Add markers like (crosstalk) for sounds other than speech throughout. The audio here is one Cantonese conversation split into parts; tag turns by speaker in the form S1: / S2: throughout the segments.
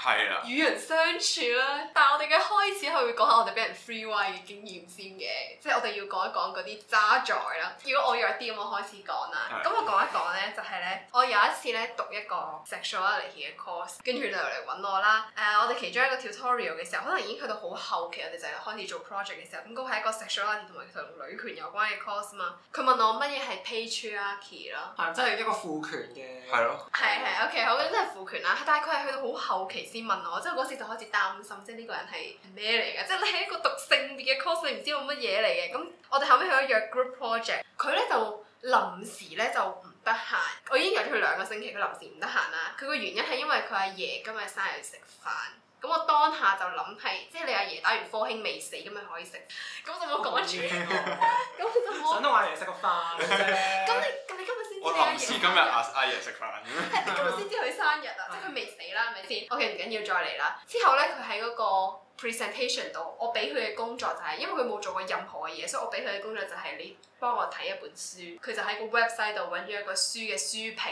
S1: 係
S2: 啦。與人相處啦，但係我哋嘅開始係會講下我哋俾人 free ride 嘅經驗先嘅，即係我哋要講一講嗰啲渣載啦。如果我弱啲，咁我開始講啦。咁了我講一講咧，就係、是、咧，我有一次咧讀一個 sexuality 嘅 course，跟住就嚟揾我啦。誒、呃，我哋其中一個 tutorial 嘅時候，可能已經去到好後期，我哋就開始做 project 嘅時候，咁嗰係一個 sexuality 同埋同女權有關嘅 course 嘛。佢問我乜嘢係 patriarchy 啦了？係
S3: 即係一個父權
S2: 嘅。係咯了。係係 OK，好，真係父權啦。但係佢係去到好後期。先問我，即係嗰時就開始擔心，即係呢個人係咩嚟嘅？即係你喺一個讀性別嘅 course，你唔知佢乜嘢嚟嘅。咁我哋後尾去咗約 group project，佢咧就臨時咧就唔得閒。我已經約咗佢兩個星期，佢臨時唔得閒啦。佢個原因係因為佢阿爺今日生日食飯。咁我當下就諗係，即係你阿爺打完科興未死，咁咪可以食。咁就冇講住。咁佢 (laughs) (laughs) 就冇。想同阿爺食個飯咁、啊、 (laughs) (laughs) 咁你？
S1: 我
S2: 臨時今日嗌嗌嘢食飯，咁先知佢生日啊！ (laughs) 即係佢未死啦，係咪先？OK，唔緊要，再嚟啦。之後咧，佢喺嗰個 presentation 度，我俾佢嘅工作就係、是，因為佢冇做過任何嘅嘢，所以我俾佢嘅工作就係你幫我睇一本書。佢就喺個 website 度揾咗一個書嘅書評。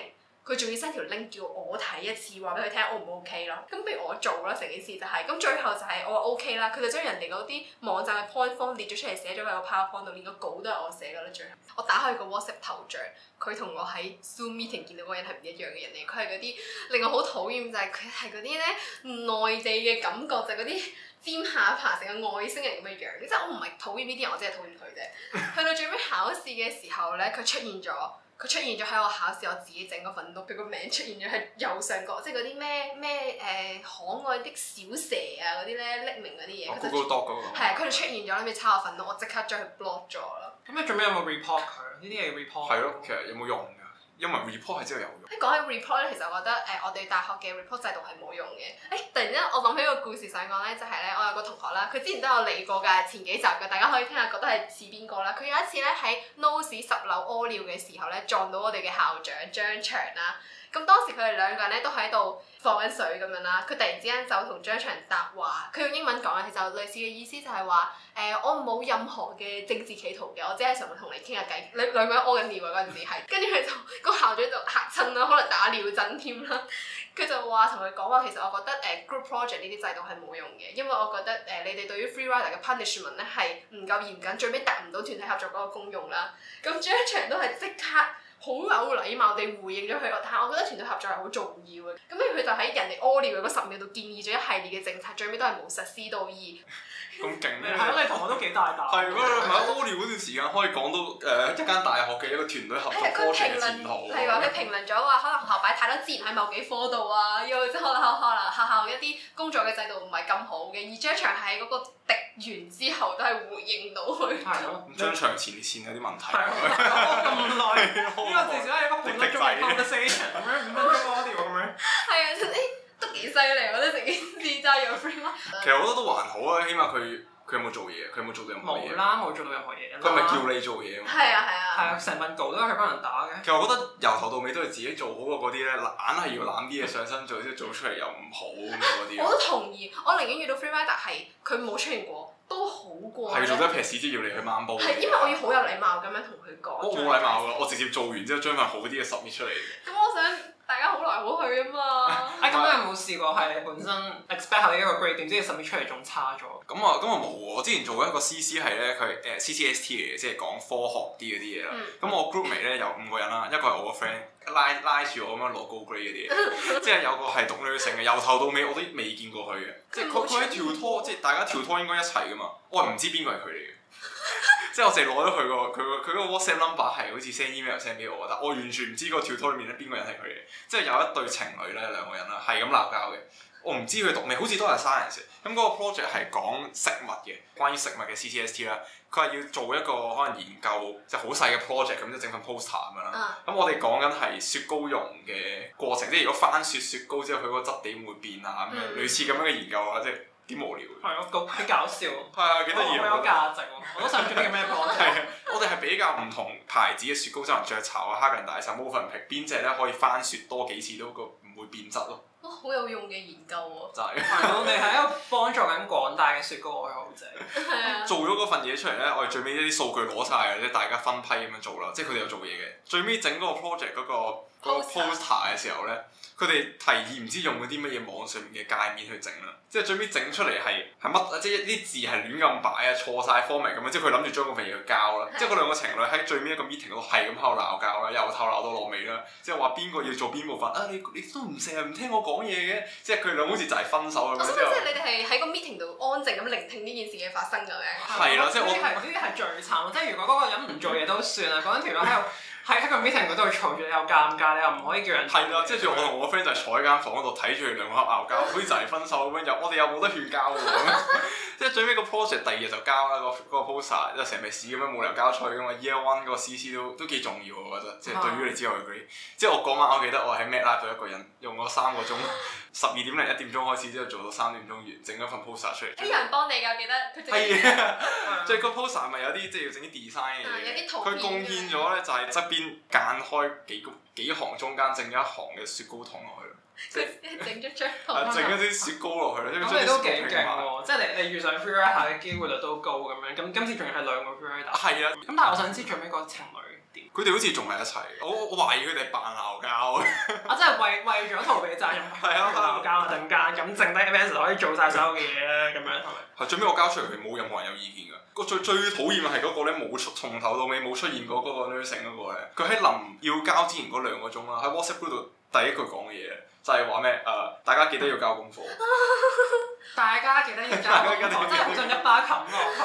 S2: 佢仲要 send 條 link 叫我睇一次，話俾佢聽 O 唔 O K 咯，咁俾我做啦，成件事就係、是，咁最後就係、是、我話 O K 啦，佢就將人哋嗰啲網站嘅 point form 列咗出嚟，寫咗喺個 power point 度，連個稿都係我寫噶啦，最後，我打開個 whatsapp 頭像，佢同我喺 zoom meeting 見到嗰個人係唔一樣嘅人嚟，佢係嗰啲令我好討厭就係佢係嗰啲咧內地嘅感覺，就係嗰啲尖下巴成個外星人咁嘅樣，即、就、係、是、我唔係討厭呢啲人，我只係討厭佢啫。 (laughs) 去到最尾考試嘅時候咧，佢出現咗。佢出現咗喺我考試，我自己整個份佢個名出現咗喺右上角，即係嗰啲咩咩誒可愛的小蛇啊嗰啲咧，匿名嗰啲嘢，係佢就，就出現咗，你咪抄我份筆，我即刻將佢 block 咗咯。
S1: 咁你做咩？有冇 report 佢？呢啲嘢 report 係咯，其實有冇用？ (laughs) 因為 report 係真係有
S2: 用。誒講起 report 咧，其實我覺得誒、呃、我哋大學嘅 report 制度係冇用嘅。誒、欸、突然間我諗起個故事想講咧，就係、是、咧我有個同學啦，佢之前都有嚟過㗎，前幾集嘅大家可以聽下，覺得係似邊個啦？佢有一次咧喺 no 屎十樓屙尿嘅時候咧，撞到我哋嘅校長張翔啦。咁當時佢哋兩個人咧都喺度放緊水咁樣啦，佢突然之間就同張翔答話，佢用英文講嘅其實類似嘅意思就係話，誒、呃、我冇任何嘅政治企圖嘅，我只係想同你傾下偈。你兩個人屙緊尿嗰陣時係，跟住佢就、個校長就嚇親啦，可能打尿針添啦，佢就話同佢講話，其實我覺得誒、呃、group project 呢啲制度係冇用嘅，因為我覺得誒、呃、你哋對於 free rider 嘅 punishment 咧係唔夠嚴謹，最尾達唔到團體合作嗰個功用啦。咁張翔都係即刻。好有禮貌地回應咗佢，但係我覺得團隊合作係好重要嘅，咁咧佢就喺人哋屙尿嗰十秒度建議咗一系列嘅政策，最尾都係冇實施到而。 (laughs)
S1: 咁勁咩？係咯，你同學都幾大膽。係咯，喺屙尿嗰段時間可以講到誒一間大學嘅一個團隊合作過程嘅前途。係佢評
S2: 論咗話，可能學校擺太多資源喺某幾科度啊，又或者可能學校學校一啲工作嘅制度唔係咁好嘅，而張翔喺嗰個滴完之後都係回應到去。
S1: 係咯，張翔前線有啲問題。咁耐，呢個至少係一個半多鐘嘅 conversation，咁樣五分鐘
S2: 可以講啲乜？係啊，幾犀利！我都成
S1: 件事爭住 friend 其實我覺得都還好啊，起碼佢佢有冇做嘢，佢有冇做到任何嘢。無啦，
S3: 冇做到任何嘢。佢咪叫
S1: 你做嘢啊？係啊係啊。係啊，成份稿都係幫人打嘅。其實我覺得由頭到尾都係自己做好嘅嗰啲咧，懶係要懶啲嘢上身做，先、嗯、做出嚟又唔好咁嗰啲。我都
S2: 同意，我寧願遇到 f r e e l a 係佢冇出現過，都好過。係做咗一撇
S1: 屎之要你去掹煲。係
S2: 因為我要好有禮
S1: 貌咁樣同佢講。我冇禮貌㗎，我直接做完之後將份好啲嘅十 u 出嚟。咁我
S2: 想。大家好來好去啊嘛！啊咁、啊啊、你
S3: 有冇試過係本身 expect 下呢一個 grade，點知你 submit 出嚟仲差咗？
S1: 咁啊咁啊冇喎！我之前做過一個 CC 係咧，佢誒 CCST 嚟嘅，即係講科學啲嗰啲嘢啦。咁、嗯、我 group 嚟咧有五個人啦， (laughs) 一個係我個 friend 拉拉住我咁樣攞高 grade 嗰啲嘢， (laughs) 即係有個係讀女性嘅，由頭到尾我都未見過佢嘅，即係佢佢喺條拖，即係大家一條拖應該一齊噶嘛，我係唔知邊個係佢嚟嘅。 (laughs) (laughs) 即係我哋攞咗佢個佢個佢嗰個 WhatsApp number 係好似 send email send 俾我，但係我完全唔知個跳胎裡面咧邊個人係佢嘅。即係有一對情侶咧，兩個人啦，係咁鬧交嘅。我唔知佢讀咩，好似都係生人先。咁、那、嗰個 project 係講食物嘅，關於食物嘅 CCST 啦。佢係要做一個可能研究，即、就、係、是、好細嘅 project 咁、嗯，就整份 poster 咁、嗯、樣啦。咁、嗯、我哋講緊係雪糕融嘅過程，即係如果翻雪雪糕之後佢個質地會變啊咁樣，嗯嗯、類似咁樣嘅研究啊即係。啲無
S3: 聊嘅，係咯，好搞笑，
S1: 冇咩 (laughs) 價值喎，我都想知佢咩 project 啊，我哋係比較唔同牌子嘅雪糕，即係雀巢啊、哈根達斯、Mövenpick 邊隻咧可以翻雪多幾次都個唔會變質咯、
S2: 哦。好有用嘅研究喎、
S1: 啊！就係， (laughs) 我哋係一個幫助緊廣大嘅雪糕愛好者。
S2: 係啊 (laughs) 的。做
S1: 咗嗰份嘢出嚟咧，我哋最尾一啲數據攞晒，嘅，即係大家分批咁樣做啦，即係佢哋有做嘢嘅。最尾整個 project 嗰、那個。嗰個 poster 嘅時候咧，佢哋提議唔知用嗰啲乜嘢網上面嘅界面去整啦，即係最尾整出嚟係係乜啊？即係一啲字係亂咁擺啊，錯晒 format 咁樣，即係佢諗住將個名去交啦。即係嗰兩個情侶喺最尾一個 meeting 度係咁喺度鬧交啦，又透鬧到落尾啦，即係話邊個要做邊部分啊？你你都唔成日唔聽我講嘢嘅，即係佢兩好似就係分手咁樣。我想問，即係
S2: 你哋係喺個 meeting 度安靜咁聆聽呢件事嘅發生咁樣？係啦，即係我呢啲係最慘，即係如果嗰個
S3: 人
S1: 唔做嘢都算啦，嗰兩條女喺度。喺一個 meeting 度嘈住，又尷尬，你又唔可以叫人。係啦，即係我同我 friend 就坐喺間房度睇住佢兩個喺度拗交， (laughs) 好似就係分手咁樣。我又我哋又冇得勸交喎， (laughs) 即係最尾個 poster 第二日就交啦。嗰個嗰個 poster 即係成咩屎咁樣，冇理由交錯嘅嘛。Year One 嗰個 CC 都都幾重要，我覺得即係對於你之外嘅啲。即係我嗰晚我記得我喺 MacLab 度一個人用咗三個鐘，十二 (laughs) 點零一點鐘開始，之後做到三點鐘完，整咗份 poster 出嚟。
S2: 啲人幫你㗎，記得。係啊的、
S1: 嗯，即係個 poster 係咪有啲即係要整啲 design 嘅嘢？佢貢獻咗咧就係間開幾公幾行中間剩咗一行嘅雪糕筒落去咯，
S2: 整咗張糖。整咗
S1: 啲雪糕落去咯，咁咪都幾勁，即係你你遇上 freerider 嘅機會率都
S3: 高咁樣，咁今次仲要係兩個 freerider。係啊，咁但係我想知最尾個
S1: 情侶。佢哋好似仲係，一齊我我懷疑佢哋扮鬧交。
S3: 我真係為為咗逃避責任，係啊
S1: 鬧交啊陣間，咁 (laughs) 剩低 Mans 可以做晒所有嘅嘢咧，咁樣係咪？係 (laughs) 最尾我交出嚟，佢冇任何人有意見嘅，個最最討厭嘅係嗰、那個咧冇出，從頭到尾冇出現過嗰個女性嗰個嘅，佢喺臨要交之前嗰兩個鐘啦，喺 WhatsApp 嗰度。第一句講嘅嘢就係話咩？誒，大家記得要交功課
S3: 啊。大家記得要交功課， (laughs) 我真係
S2: 好想一巴冚
S1: 落去，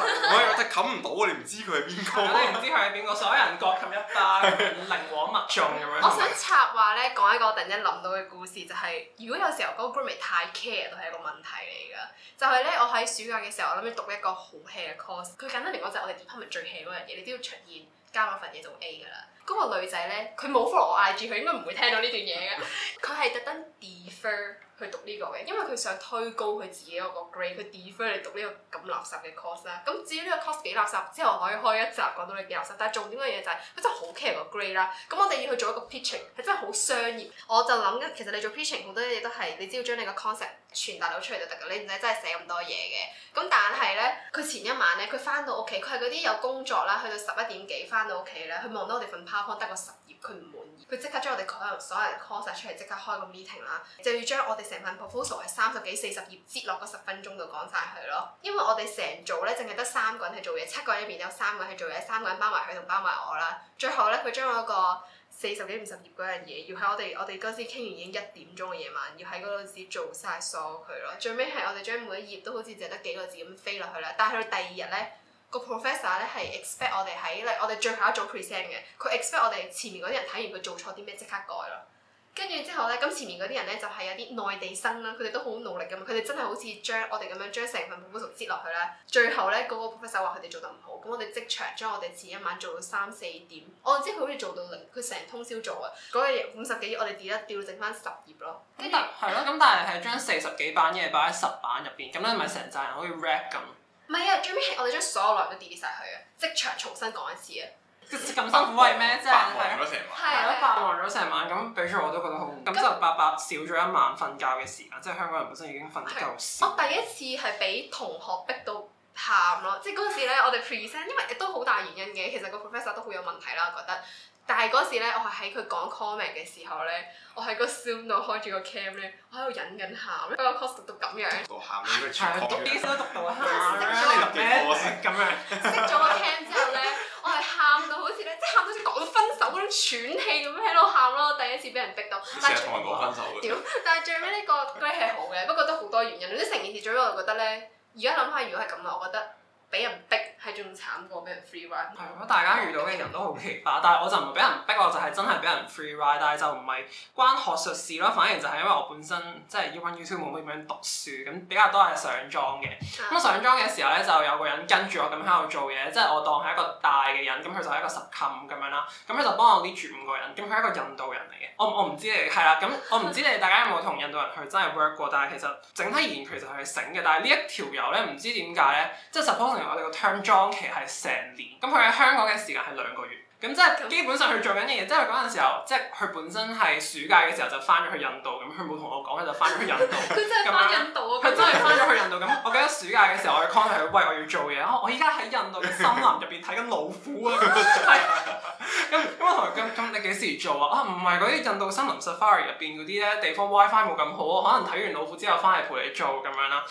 S1: 我覺得冚唔到，你唔知佢係邊個？你唔
S3: 知佢係邊個？所有人各冚一巴物，靈活墨盡咁樣。我想插
S2: 話咧，講一個突然間諗到嘅故事，就係、是、如果有時候嗰、那個 grammar 太 care 都係一個問題嚟㗎。就係、是、咧，我喺暑假嘅時候諗住讀一個好 hea 嘅 course，佢簡單嚟講就係我哋 department 最 hea 嗰樣嘢，你都要出現。加嗰份嘢做 A 㗎啦，嗰、那個女仔咧，佢冇 follow 我 IG，佢應該唔會聽到呢段嘢嘅，佢 (laughs) 係特登 defer 去讀呢、這個嘅，因為佢想推高佢自己嗰個 grade，佢 defer 嚟讀呢個咁垃圾嘅 course 啦。咁至於呢個 course 幾垃圾，之後可以開一集講到你幾垃圾，但係重點嘅嘢就係、是、佢真係好 care 個 grade 啦。咁我哋要去做一個 pitching，係真係好商業。我就諗，其實你做 pitching 好多嘢都係，你只要將你個 concept。傳達到出嚟就得㗎，你唔使真係寫咁多嘢嘅。咁但係咧，佢前一晚咧，佢返到屋企，佢係嗰啲有工作啦，去到十一點幾返到屋企啦，佢望到我哋份 PowerPoint 得個十頁，佢唔滿意，佢即刻將我哋所有人 call 曬出嚟，即刻開個 meeting 啦，就要將我哋成份 proposal 係三十幾四十頁擠落個十分鐘度講晒佢咯。因為我哋成組咧，淨係得三個人係做嘢，七個人入面有三個人係做嘢，三個人包埋佢同包埋我啦。最後咧，佢將我、那、一個。四十幾五十頁嗰樣嘢，要喺我哋我哋嗰陣時傾完已經一點鐘嘅夜晚，要喺嗰度自己做晒疏佢咯。最尾係我哋將每一頁都好似淨得幾個字咁飛落去啦。但係到第二日咧，個 professor 咧係 expect 我哋喺，例如我哋最後一組 present 嘅，佢 expect 我哋前面嗰啲人睇完佢做錯啲咩即刻改咯。跟住之後咧，咁前面嗰啲人咧就係、是、有啲內地生啦，佢哋都好努力㗎嘛。佢哋真係好似將我哋咁樣將成份報告圖接落去啦。最後咧，嗰、那個 professor 話佢哋做得唔好，咁我哋即場將我哋自己一晚做到三四點，我知佢好似做到零，佢成通宵做啊。嗰、那、日、個、五十幾頁，我哋跌一掉整，剩翻十頁咯。係咯，咁
S3: 但係係將四十幾版一嘢擺喺十版入邊，咁咧咪成個人好似 rap 咁。
S2: 唔係啊，最尾我哋將所有內容都跌跌曬去啊！即場重新講一次啊！
S3: 咁辛苦為咩？即係
S2: 係咯，白
S3: 忙咗成晚，咁俾咗我都覺得好。咁就白白少咗一晚瞓覺嘅時間，即係香港人本身已經瞓得夠。我
S2: 第一次係俾同學逼到喊咯，即係嗰陣時咧，我哋 present，因為都好大原因嘅，其實個 professor 都好有問題啦，我覺得。但係嗰時咧，我係喺佢講 comment 嘅時候咧，我喺個 zoom 度開住個 cam 咧，我喺度忍緊喊咧，嗰個 course 讀咁樣。讀喊
S3: 咩？全講嘅。幾少讀到喊啊？咁樣。
S2: 熄咗個 cam 之後咧。 (laughs) 我係喊到好似咧，即係喊到好似講到分手嗰種喘氣咁樣，喺度喊咯，第一次俾人逼到。成日同人講分手嘅。 (laughs) (laughs) (laughs) 但係最尾呢、呢個佢係、呢個、好嘅，不過都好多原因。總之成件事最尾，我就覺得咧，而家諗返如果係咁啊，我覺得。俾人逼係仲慘過俾人 free ride。係咯，
S3: 大家遇到嘅人都好奇葩， (laughs) 但係我就唔係俾人逼，我就係真係俾人 free ride。但係就唔係關學術事咯，反而就係因為我本身即係要揾 YouTube 冇咁樣讀書，咁比較多係上莊嘅。咁 (laughs) 上莊嘅時候咧，就有個人跟住我咁喺度做嘢，即係我當係一個大嘅人。咁佢就係一個十冚咁樣啦。咁佢就幫我捏住五個人。咁佢係一個印度人嚟嘅。我我唔知你係啦。咁我唔知你哋 (laughs) 大家有冇同印度人去真係 work 過？但係其實整體而言其實係醒嘅。但係呢一條友咧，唔知點解咧，即係 s u 我哋個 term 莊期係成年，咁佢喺香港嘅時間係兩個月。咁即係基本上佢做緊嘅嘢，即係嗰陣時候，即係佢本身係暑假嘅時候就翻咗去印度，咁佢冇同我講，佢就翻咗去印度，佢真
S2: 係翻印度佢、啊、樣真係翻咗去
S3: 印度。咁 (laughs) 我記得暑假嘅時候，我 contact 佢，喂，我要做嘢啊！我依家喺印度嘅森林入邊睇緊老虎啊！咁 (laughs) 咁 (laughs) (laughs) (laughs) 我同佢咁，你幾時做啊？啊，唔係嗰啲印度森林 safari 入邊嗰啲咧地方 WiFi 冇咁好啊，可能睇完老虎之後翻嚟陪你做咁樣啦。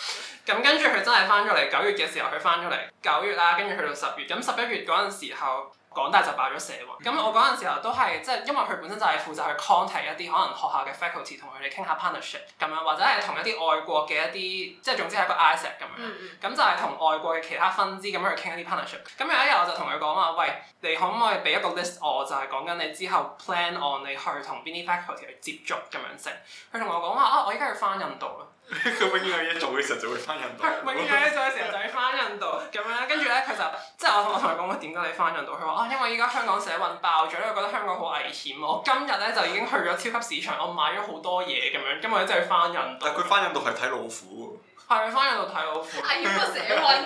S3: 咁跟住佢真係翻咗嚟，九月嘅時候佢翻咗嚟，九月啦，跟住去到十月，咁十一月嗰陣時候。講大就爆咗社話，咁、嗯、我嗰陣時候都係即係因為佢本身就係負責去 contact 一啲可能學校嘅 faculty 同佢哋傾下 partnership 咁樣，或者係同一啲外國嘅一啲即係總之係一個 AIESEC 咁樣，咁、嗯、就係同外國嘅其他分支咁樣去傾一啲 partnership。咁有一日我就同佢講話，喂，你可唔可以俾一個 list 我，就係講緊你之後 plan on 你去同邊啲 faculty 去接觸咁樣成？佢同我講話，啊，我依家要翻印度
S1: 啦。佢永遠有嘢做嘅時候就會翻印度，永遠有嘢做嘅時候
S3: 就會翻印度咁 (laughs) 樣呢，跟住咧，佢就即係我同我同佢講話，點解你翻印度？佢話啊，因為依家香港社運爆咗，因為覺得香港好危險。我今日咧就已經去咗超級市場，我買咗好多嘢咁樣，今日真係翻印度。 (laughs) 但佢
S1: 翻印度係睇老虎。
S3: 係去翻嗰度睇老虎，危險過社運，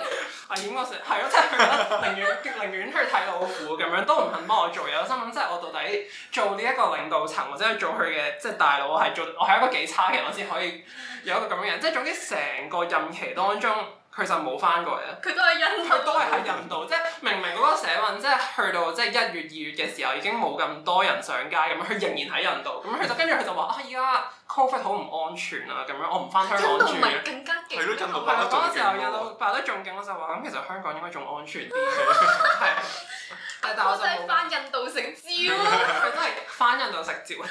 S3: 危險過社，係咯， (laughs) (laughs) 即係佢覺得寧願寧願去睇老虎咁樣，都唔肯幫我做。有新聞即係我到底做呢一個領導層，或者做佢嘅，即係大佬我係做，我係一個幾差嘅人，我先可以有一個咁樣嘅人。即係總之成個任期當中。佢就冇翻過嚟啊！
S2: 佢都係印度，佢都係喺印
S3: 度，即係明明嗰個社運，即係去到即係一月二月嘅時候已經冇咁多人上街咁，佢仍然喺印度，咁佢 (laughs) 就跟住佢就話：啊，而家 COVID 好唔安全啊！咁樣我唔翻香港住，佢都印度拍得嗰 (laughs) 時候印度拍得仲勁，我就話：咁其實香港應該仲安全啲嘅，係。
S2: (laughs) (laughs) 但我真係
S3: 返印度食蕉，佢
S2: 真
S3: 係返印度食蕉。 (laughs)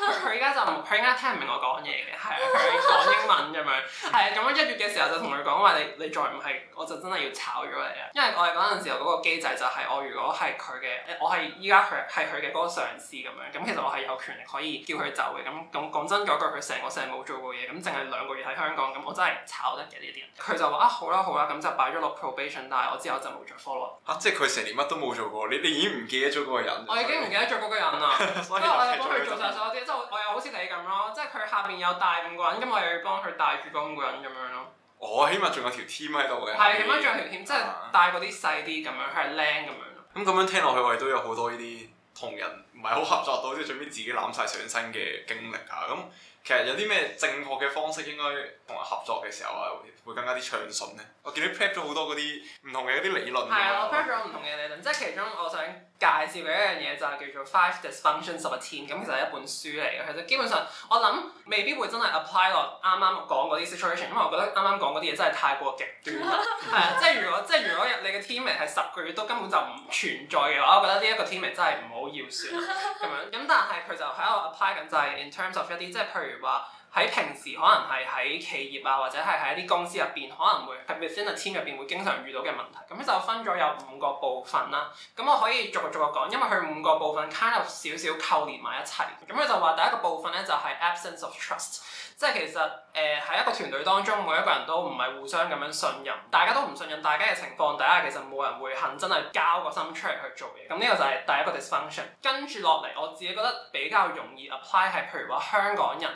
S3: 佢佢而家就佢應該聽唔明我講嘢嘅，係佢講英文咁樣。係咁、啊、樣一月嘅時候就同佢講話，你你再唔係，我就真係要炒咗你啊！因為我哋嗰陣時候嗰個機制就係，我如果係佢嘅，我係依家係係佢嘅嗰個上司咁樣。咁其實我係有權力可以叫佢走嘅。咁咁講真嗰句，佢成個成冇做過嘢，咁淨係兩個月喺香港，咁我真係炒得嘅呢啲人。佢就話啊好啦、啊、好啦、啊，咁、啊、就擺咗落 probation，但係我之後就冇再 follow、
S1: 啊。即係佢成年乜都冇做。你你已經唔記得咗嗰個人，我已經唔記得咗嗰個人啦，所以我
S3: 哋幫佢做晒所有啲，即係我又好似你咁咯，即係佢下邊有帶五個人，咁我又要幫佢帶住嗰五個人咁樣
S1: 咯。我、哦、起碼仲有條 team 喺度嘅，係起碼
S3: 仲有條 team，、啊、即係帶嗰啲細啲咁樣，係僆咁樣。
S1: 咁咁樣聽落去，我哋都有好多呢啲同人唔係好合作到，即係最尾自己攬晒上身嘅經歷啊。咁。其實有啲咩正確嘅方式應該同人合作嘅時候啊，會更加啲暢順呢。我見到 prep 咗好多嗰啲唔同嘅一啲理論啊了。係啊吧，我
S3: prep 咗唔同嘅理論，即係其中我想。介紹嘅一樣嘢就係叫做 Five Dysfunctions of a Team，咁其實係一本書嚟嘅。其實基本上我諗未必會真係 apply 落啱啱講嗰啲 situation，因為我覺得啱啱講嗰啲嘢真係太過極端啦。係啊， (laughs) 即係如果即係如果你嘅 teammate 係十個月都根本就唔存在嘅話，我覺得呢一個 teammate 真係唔好要算。咁樣咁但係佢就喺度 apply 緊，就係 in terms of 一啲即係譬如話。喺平時可能係喺企業啊，或者係喺一啲公司入邊，可能會喺 relationship 入邊會經常遇到嘅問題。咁就分咗有五個部分啦。咁我可以逐個逐個講，因為佢五個部分 kind of 少少扣連埋一齊。咁佢就話第一個部分咧就係、是、absence of trust，即係其實誒喺、呃、一個團隊當中，每一個人都唔係互相咁樣信任，大家都唔信任大家嘅情況下，大家其實冇人會肯真係交個心出嚟去做嘢。咁呢個就係第一個 dysfunction。跟住落嚟，我自己覺得比較容易 apply 係譬如話香港人。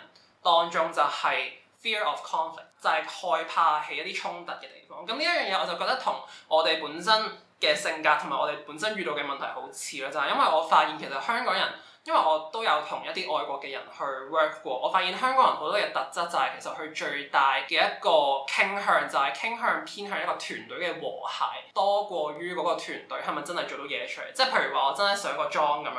S3: 當中就係 fear of conflict，就係害怕起一啲衝突嘅地方。咁呢一樣嘢我就覺得同我哋本身嘅性格同埋我哋本身遇到嘅問題好似咯，就係因為我發現其實香港人，因為我都有同一啲外國嘅人去 work 過，我發現香港人好多嘅特質就係其實佢最大嘅一個傾向就係傾向偏向一個團隊嘅和諧多過於嗰個團隊係咪真係做到嘢出嚟，即係譬如話我真係上個妝咁樣，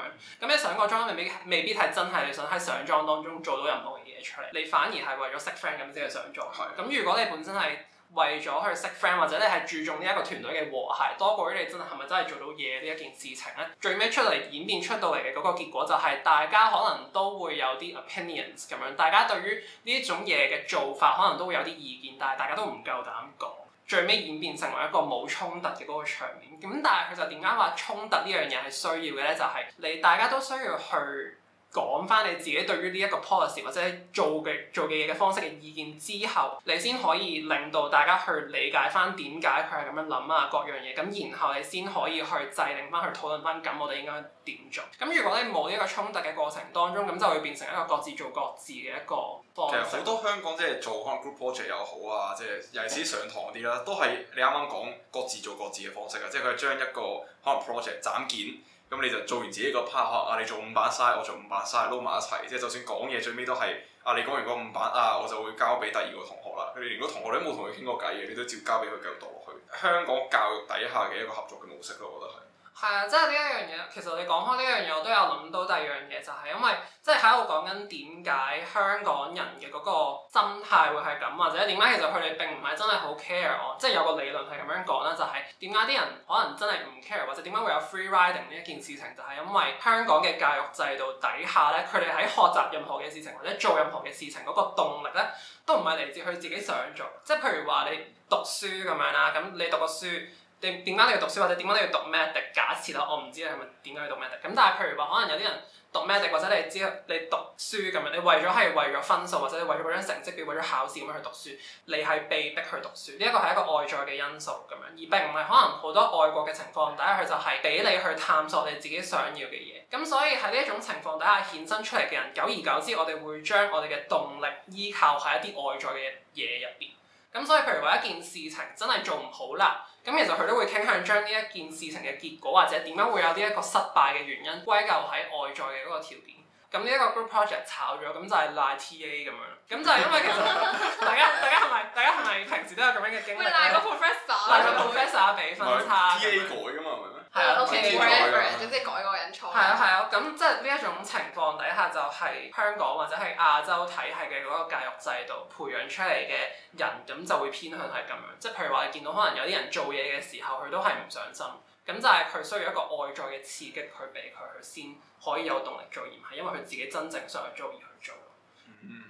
S3: 咁你上個妝未必未必係真係你想喺上妝當中做到任何嘢。你反而係為咗識 friend 咁先係想做，咁是的 如果你本身係為咗去識 friend，或者你係注重呢一個團隊嘅和諧，多過於你真係係咪真係做到嘢呢一件事情咧？最尾出嚟演變出到嚟嘅嗰個結果就係大家可能都會有啲 opinions 咁樣，大家對於呢種嘢嘅做法可能都會有啲意見，但係大家都唔夠膽講，最尾演變成為一個冇衝突嘅嗰個場面。咁但係佢就點解話衝突呢樣嘢係需要嘅咧？就係、是、你大家都需要去。講翻你自己對於呢一個 policy 或者做嘅做嘅嘢嘅方式嘅意見之後，你先可以令到大家去理解翻點解佢係咁樣諗啊，各樣嘢，咁然後你先可以去制定翻去討論翻咁我哋應該點做。咁如果你冇呢個衝突嘅過程當中，咁就會變成一個各自做各自嘅一個方式。其實好多
S1: 香港即係做可能 group project 又好啊，即係尤其是上堂啲啦，都係你啱啱講各自做各自嘅方式啊，即係佢將一個可能 project 斬件。咁你就做完自己個 part 啊，你做五版嘥，我做五版嘥，i 撈埋一齊，即就算講嘢最尾都係，啊你講完個五版啊，我就會交俾第二個同學啦。你連個同學你都冇同佢傾過偈嘅，你都照交俾佢繼續讀落去。香港教育底下嘅一個合作嘅模式咯，我覺得係。
S3: 係啊，即係呢一樣嘢。其實你講開呢一樣嘢，我都有諗到第二樣嘢，就係因為即係喺度講緊點解香港人嘅嗰個心態會係咁，或者點解其實佢哋並唔係真係好 care 我。即係有個理論係咁樣講啦，就係點解啲人可能真係唔 care，或者點解會有 free riding 呢一件事情就係因為香港嘅教育制度底下咧，佢哋喺學習任何嘅事情或者做任何嘅事情嗰個動力咧，都唔係嚟自佢自己想做。即係譬如話你讀書咁樣啦，咁你讀個書。你點解你要讀書，或者點解你要讀 medicine？假設啦，我唔知你係咪點解要讀 medicine？咁但係譬如話，可能有啲人讀 medicine，或者你知你讀書咁樣，你為咗係為咗分數，或者你為咗嗰張成績表、為咗考試咁樣去讀書，你係被逼去讀書。呢一個係一個外在嘅因素咁樣，而並唔係可能好多外國嘅情況底下，佢就係、是、俾你去探索你自己想要嘅嘢。咁所以喺呢一種情況底下顯身出嚟嘅人，久而久之，我哋會將我哋嘅動力依靠喺一啲外在嘅嘢入邊。咁所以譬如話，一件事情真係做唔好啦。咁其實佢都會傾向將呢一件事情嘅結果或者點樣會有啲一個失敗嘅原因歸咎喺外在嘅嗰個條件。咁呢一個 group project 炒咗，咁就係賴 TA 咁樣。咁就係因為其實大家大家係咪大家係咪平時都有咁樣嘅經歷？賴個 professor、啊、賴個 professor、啊、俾、啊、分差。
S2: 係 TA 改㗎嘛。
S1: 係咪？
S2: 係、 (laughs) 嗯、啊 o、okay，即 (laughs) 改個人錯。 (laughs) 係啊係啊，咁即係呢一種
S3: 情況底下，就係香港或者係亞洲體系嘅嗰個教育制度，培養出嚟嘅人，咁就會偏向係咁樣。即係譬如話，你見到可能有啲人做嘢嘅時候，佢都係唔上心，咁就係佢需要一個外在嘅刺激去俾佢，佢先可以有動力做，而唔係因為佢自己真正想去做而去做。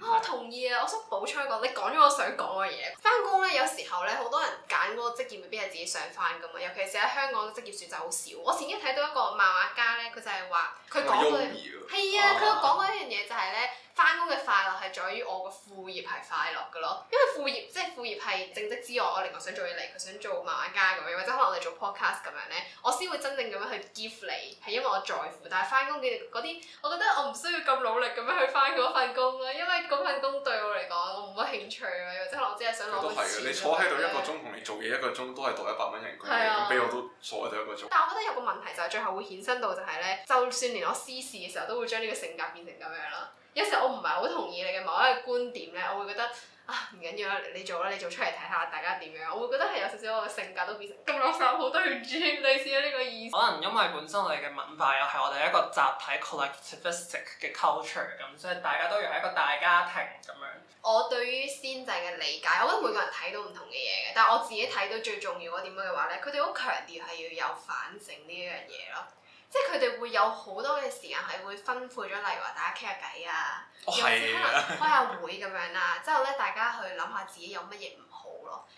S2: 啊、哦，我同意啊！我想補充一個，你講咗我想講嘅嘢。翻工咧，有時候咧，好多人揀嗰個職業未必係自己想翻噶嘛。尤其是喺香港嘅職業選擇好少。我曾經睇到一個漫畫家咧，佢就係話，佢講佢
S1: 係啊，佢講過一
S2: 樣嘢就係、是、咧。啊啊翻工嘅快樂係在於我個副業係快樂嘅咯，因為副業即係副業係正職之外，我另外想做嘢嚟，佢想做漫畫家咁樣，或者可能我哋做 podcast 咁樣咧，我先會真正咁樣去 give 你，係因為我在乎。但係翻工嘅嗰啲，我覺得我唔需要咁努力咁樣去翻嗰份工啦，因為嗰份工對我嚟講，我冇乜興趣啊，或者我只係想攞個錢。你坐喺度一個鐘
S1: 同對你做嘢一個鐘都係度一百蚊人工，俾、啊、我都坐喺度一個鐘。但
S2: 係我覺得有個問題就係最後會衍生到就係、是、咧，就算連我私事嘅時候都會將呢個性格變成咁樣啦。有時我唔係好同意你嘅某一個觀點咧，我會覺得啊，唔緊要啦，你做啦，你做出嚟睇下大家點樣，我會覺得係有少少我嘅性格都變成咁落手，好多嘅知你知啦呢個意
S3: 思。可能因為本身我哋嘅文化又係我哋一個集體 collectivistic 嘅 culture，咁所以大家都要係一個大家庭咁樣。
S2: 我對於先制嘅理解，我覺得每個人睇到唔同嘅嘢嘅，但係我自己睇到最重要嗰點樣嘅話咧，佢哋好強調係要有反省呢一樣嘢咯。即係佢哋會有好多嘅時間係會分配咗，例如話大家傾下偈啊，哦、又或者可能開下是的 會咁樣啦、啊， (laughs) 之後咧大家去諗下自己有乜嘢唔好。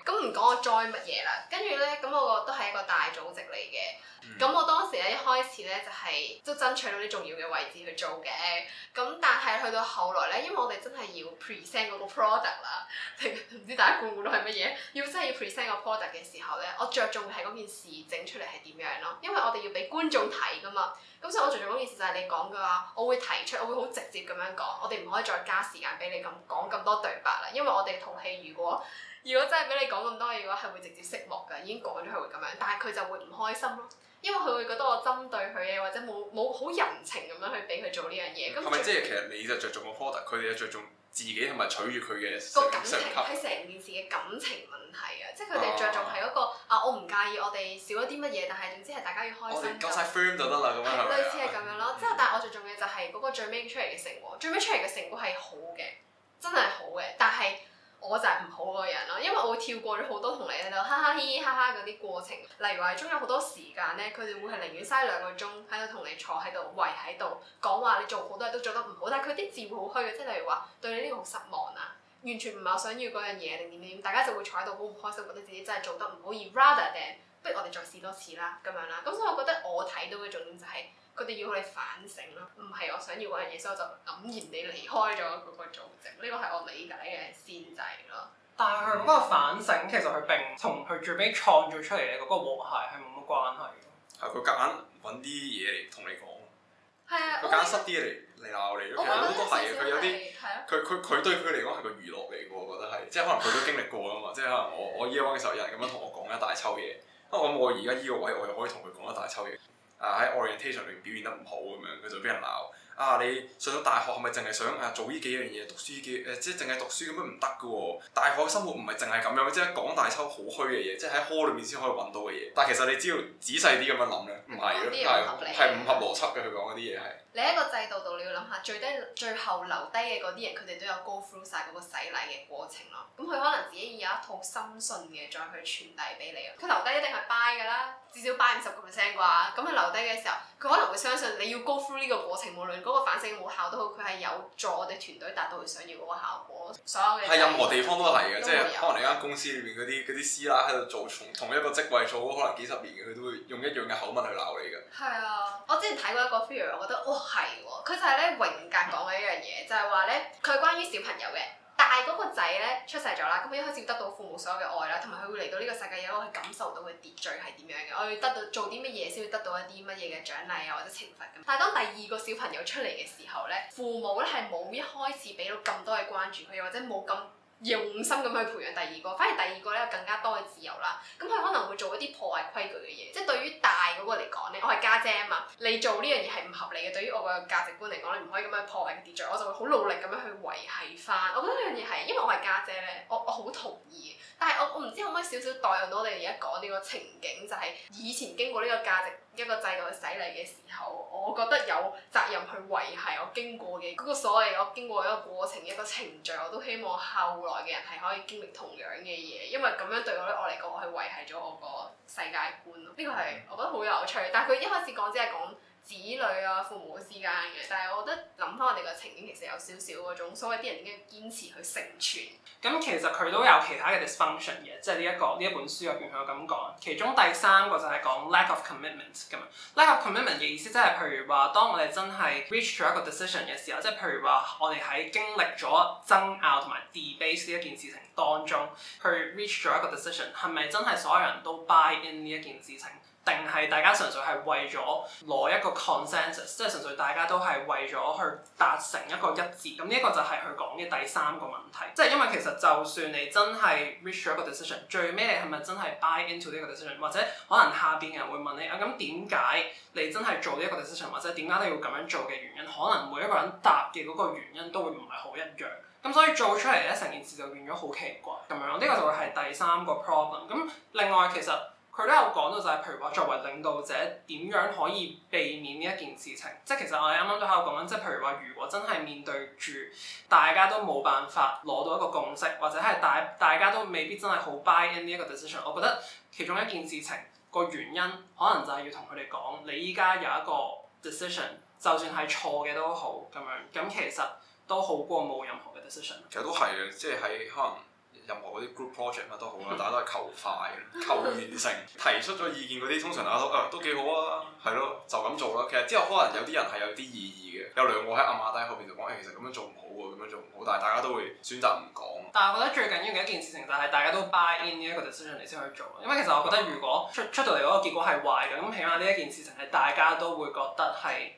S2: 咁唔講我 join 乜嘢啦，跟住咧咁我個都係一個大組織嚟嘅。咁我當時咧一開始咧就係、就、都爭取到啲重要嘅位置去做嘅。咁但係去到後來咧，因為我哋真係要 present 嗰個 product 啦，唔知大家估唔估到係乜嘢？要真係要 present 個 product 嘅時候咧，我着重係嗰件事整出嚟係點樣咯。因為我哋要俾觀眾睇噶嘛。咁所以我著重嗰件事就係你講嘅話，我會提出，我會好直接咁樣講。我哋唔可以再加時間俾你咁講咁多對白啦，因為我哋套戲如果如果真係俾你講咁多嘢嘅話，係會直接失望嘅。已經講咗佢會咁樣，但係佢就會唔開心咯。因為佢會覺得我針對佢嘅，或者冇冇好人情咁樣去俾佢做呢樣嘢。係咪即係其
S1: 實你就着重個 plot，佢哋着重自己同埋取悅佢嘅。個感情喺成
S2: 件事嘅感情問題啊，即係佢哋着重係嗰、嗰個啊，啊，我唔介意我哋少一啲乜嘢，但係總之係大家要開心。我晒
S1: 曬 friend 就得啦，咁樣、嗯、是類似係咁
S2: 樣咯，即係、嗯、但係我最重要嘅就係嗰個最尾出嚟嘅成果，最尾出嚟嘅成果係好嘅，真係好嘅，但係。我就係唔好嗰個人咯，因為我跳過咗好多同你喺度哈哈嘻嘻哈哈嗰啲過程，例如話中有好多時間咧，佢哋會係寧願嘥兩個鐘喺度同你坐喺度圍喺度講話，你做好多嘢都做得唔好，但係佢啲字會好虛嘅，即係例如話對你呢個好失望啊，完全唔係我想要嗰樣嘢定點點點，大家就會坐喺度好唔開心，覺得自己真係做得唔好，而 rather than 不如我哋再試多次啦咁樣啦，咁所以我覺得我睇到嘅重點就係、是。佢哋要你反省咯，唔係我想要嗰嘢，所以我就黯然地離開咗嗰個組織。呢個係我
S3: 理解嘅先制咯。嗯、但係嗰個反省其實佢並同佢最尾創造出嚟嘅嗰個和諧係冇
S1: 乜關係。係佢夾硬揾啲嘢嚟同你講。
S2: 係啊。佢夾硬、啊、
S1: 硬塞啲嘢嚟嚟鬧你咯。其實都係嘅，佢、啊、有啲佢佢佢對佢嚟講係個娛樂嚟㗎，我覺得係。即係可能佢都經歷過啊嘛。即係可能我我 year one 嘅時候有人咁樣同我講一大抽嘢，我諗我而家依個位我又可以同佢講一大抽嘢。台上面表現得唔好咁樣，佢就俾人鬧。啊，你上咗大學係咪淨係想啊做呢幾樣嘢？讀書嘅誒，即係淨係讀書咁樣唔得嘅喎。大學生活唔係淨係咁樣，即係講大抽好虛嘅嘢，即係喺殼裏面先可以揾到嘅嘢。但係其實你只要仔細啲咁樣諗咧，唔係咯，係係唔合邏輯嘅。佢講嗰啲嘢係。
S2: 你喺個制度度你要諗下，最低最後留低嘅嗰啲人，佢哋都有高 o t r u g h 嗰個洗禮嘅過程咯。咁佢可能自己已有一套深信嘅，再去傳遞俾你。佢留低一定係 buy 㗎啦，至少 buy 五十個 percent 啩。咁佢留低嘅時候。佢可能會相信你要 go through 呢個過程，無論嗰個反省冇效都好，佢係有助我哋團隊達到佢想要嗰個效果。所有嘅嘢，喺任何地方都係嘅，即係
S1: 可能你間公司裏面嗰啲啲師奶喺度做同同一個職位做可能幾十年嘅，佢都會用一樣嘅口吻去鬧你㗎。係啊，
S2: 我之前睇過一個 video 我覺得哦，係喎、啊，佢就係咧榮格講嘅一樣嘢，就係話咧佢關於小朋友嘅。但係嗰個仔咧出世咗啦，咁佢一開始要得到父母所有嘅愛啦，同埋佢會嚟到呢個世界有嘢，佢感受到嘅秩序係點樣嘅？我要得到做啲乜嘢先會得到一啲乜嘢嘅獎勵啊，或者懲罰咁。但係當第二個小朋友出嚟嘅時候咧，父母咧係冇一開始俾到咁多嘅關注佢，又或者冇咁用心咁去培養第二個，反而第二個咧有更加多嘅自由啦。咁佢可能會做一啲破壞規矩嘅嘢，即係對於大嗰個嚟講咧，我係家姐啊嘛。你做呢樣嘢係唔合理嘅，對於我個價值觀嚟講，你唔可以咁樣破壞秩序，我就會好努力咁樣去維係翻。我覺得呢樣嘢係，因為我係家姐咧，我我好同意。但係我我唔知可唔可以少少代入到我哋而家講呢個情景，就係、是、以前經過呢個價值一個制度嘅洗禮嘅時候，我覺得有責任去維係我經過嘅嗰、那個所謂我經過一個過程一個程序，我都希望後來嘅人係可以經歷同樣嘅嘢，因為咁樣對我我嚟講，我去維係咗我個世界觀。呢個係我覺得好有趣，但係佢一開始講只係講。子女啊，父母之間嘅，但係我覺得諗翻我哋個情景，其實有少少嗰種所謂啲人應該堅持去成全。
S3: 咁其實佢都有其他嘅 dysfunction 嘅，即係呢一個呢一本書入邊佢有咁講，其中第三個就係講 lack of commitment 㗎嘛。lack of commitment 嘅意思即係譬如話，當我哋真係 reach 到一個 decision 嘅時候，即係譬如話我哋喺經歷咗爭拗同埋自卑呢一件事情當中，去 reach 到一個 decision，係咪真係所有人都 buy in 呢一件事情？定係大家純粹係為咗攞一個 consensus，即係純粹大家都係為咗去達成一個一致。咁呢一個就係佢講嘅第三個問題，即係因為其實就算你真係 reach 一個 decision，最尾你係咪真係 buy into 呢個 decision？或者可能下邊嘅人會問你啊，咁點解你真係做呢一個 decision？或者點解你要咁樣做嘅原因？可能每一個人答嘅嗰個原因都會唔係好一樣。咁所以做出嚟咧，成件事就變咗好奇怪咁樣。呢個就會係第三個 problem。咁另外其實。佢都有講到就係，譬如話作為領導者點樣可以避免呢一件事情。即係其實我哋啱啱都喺度講緊，即係譬如話，如果真係面對住大家都冇辦法攞到一個共識，或者係大大家都未必真係好 buy in 呢一個 decision，我覺得其中一件事情個原因可能就係要同佢哋講，你依家有一個 decision，就算係錯嘅都好
S1: 咁樣，咁其實都好過冇任何嘅 decision。其實都係嘅，即係可能。任何嗰啲 group project 乜都好啦，大家都係求快，求完成。提出咗意見嗰啲通常大家都誒都幾好啊，係咯，就咁做啦。其實之後可能有啲人係有啲異議嘅，有兩個喺暗啞底後邊就講，其實咁樣做唔好喎，咁樣做唔好，但係大家都會選擇唔講。
S3: 但係我覺得最緊要嘅一件事情就係大家都 buy in 呢一個 decision 嚟先去做，
S1: 因為其實我覺得如果出出到嚟嗰個結果
S3: 係壞嘅，咁起碼呢一件事情係大家都會覺得係。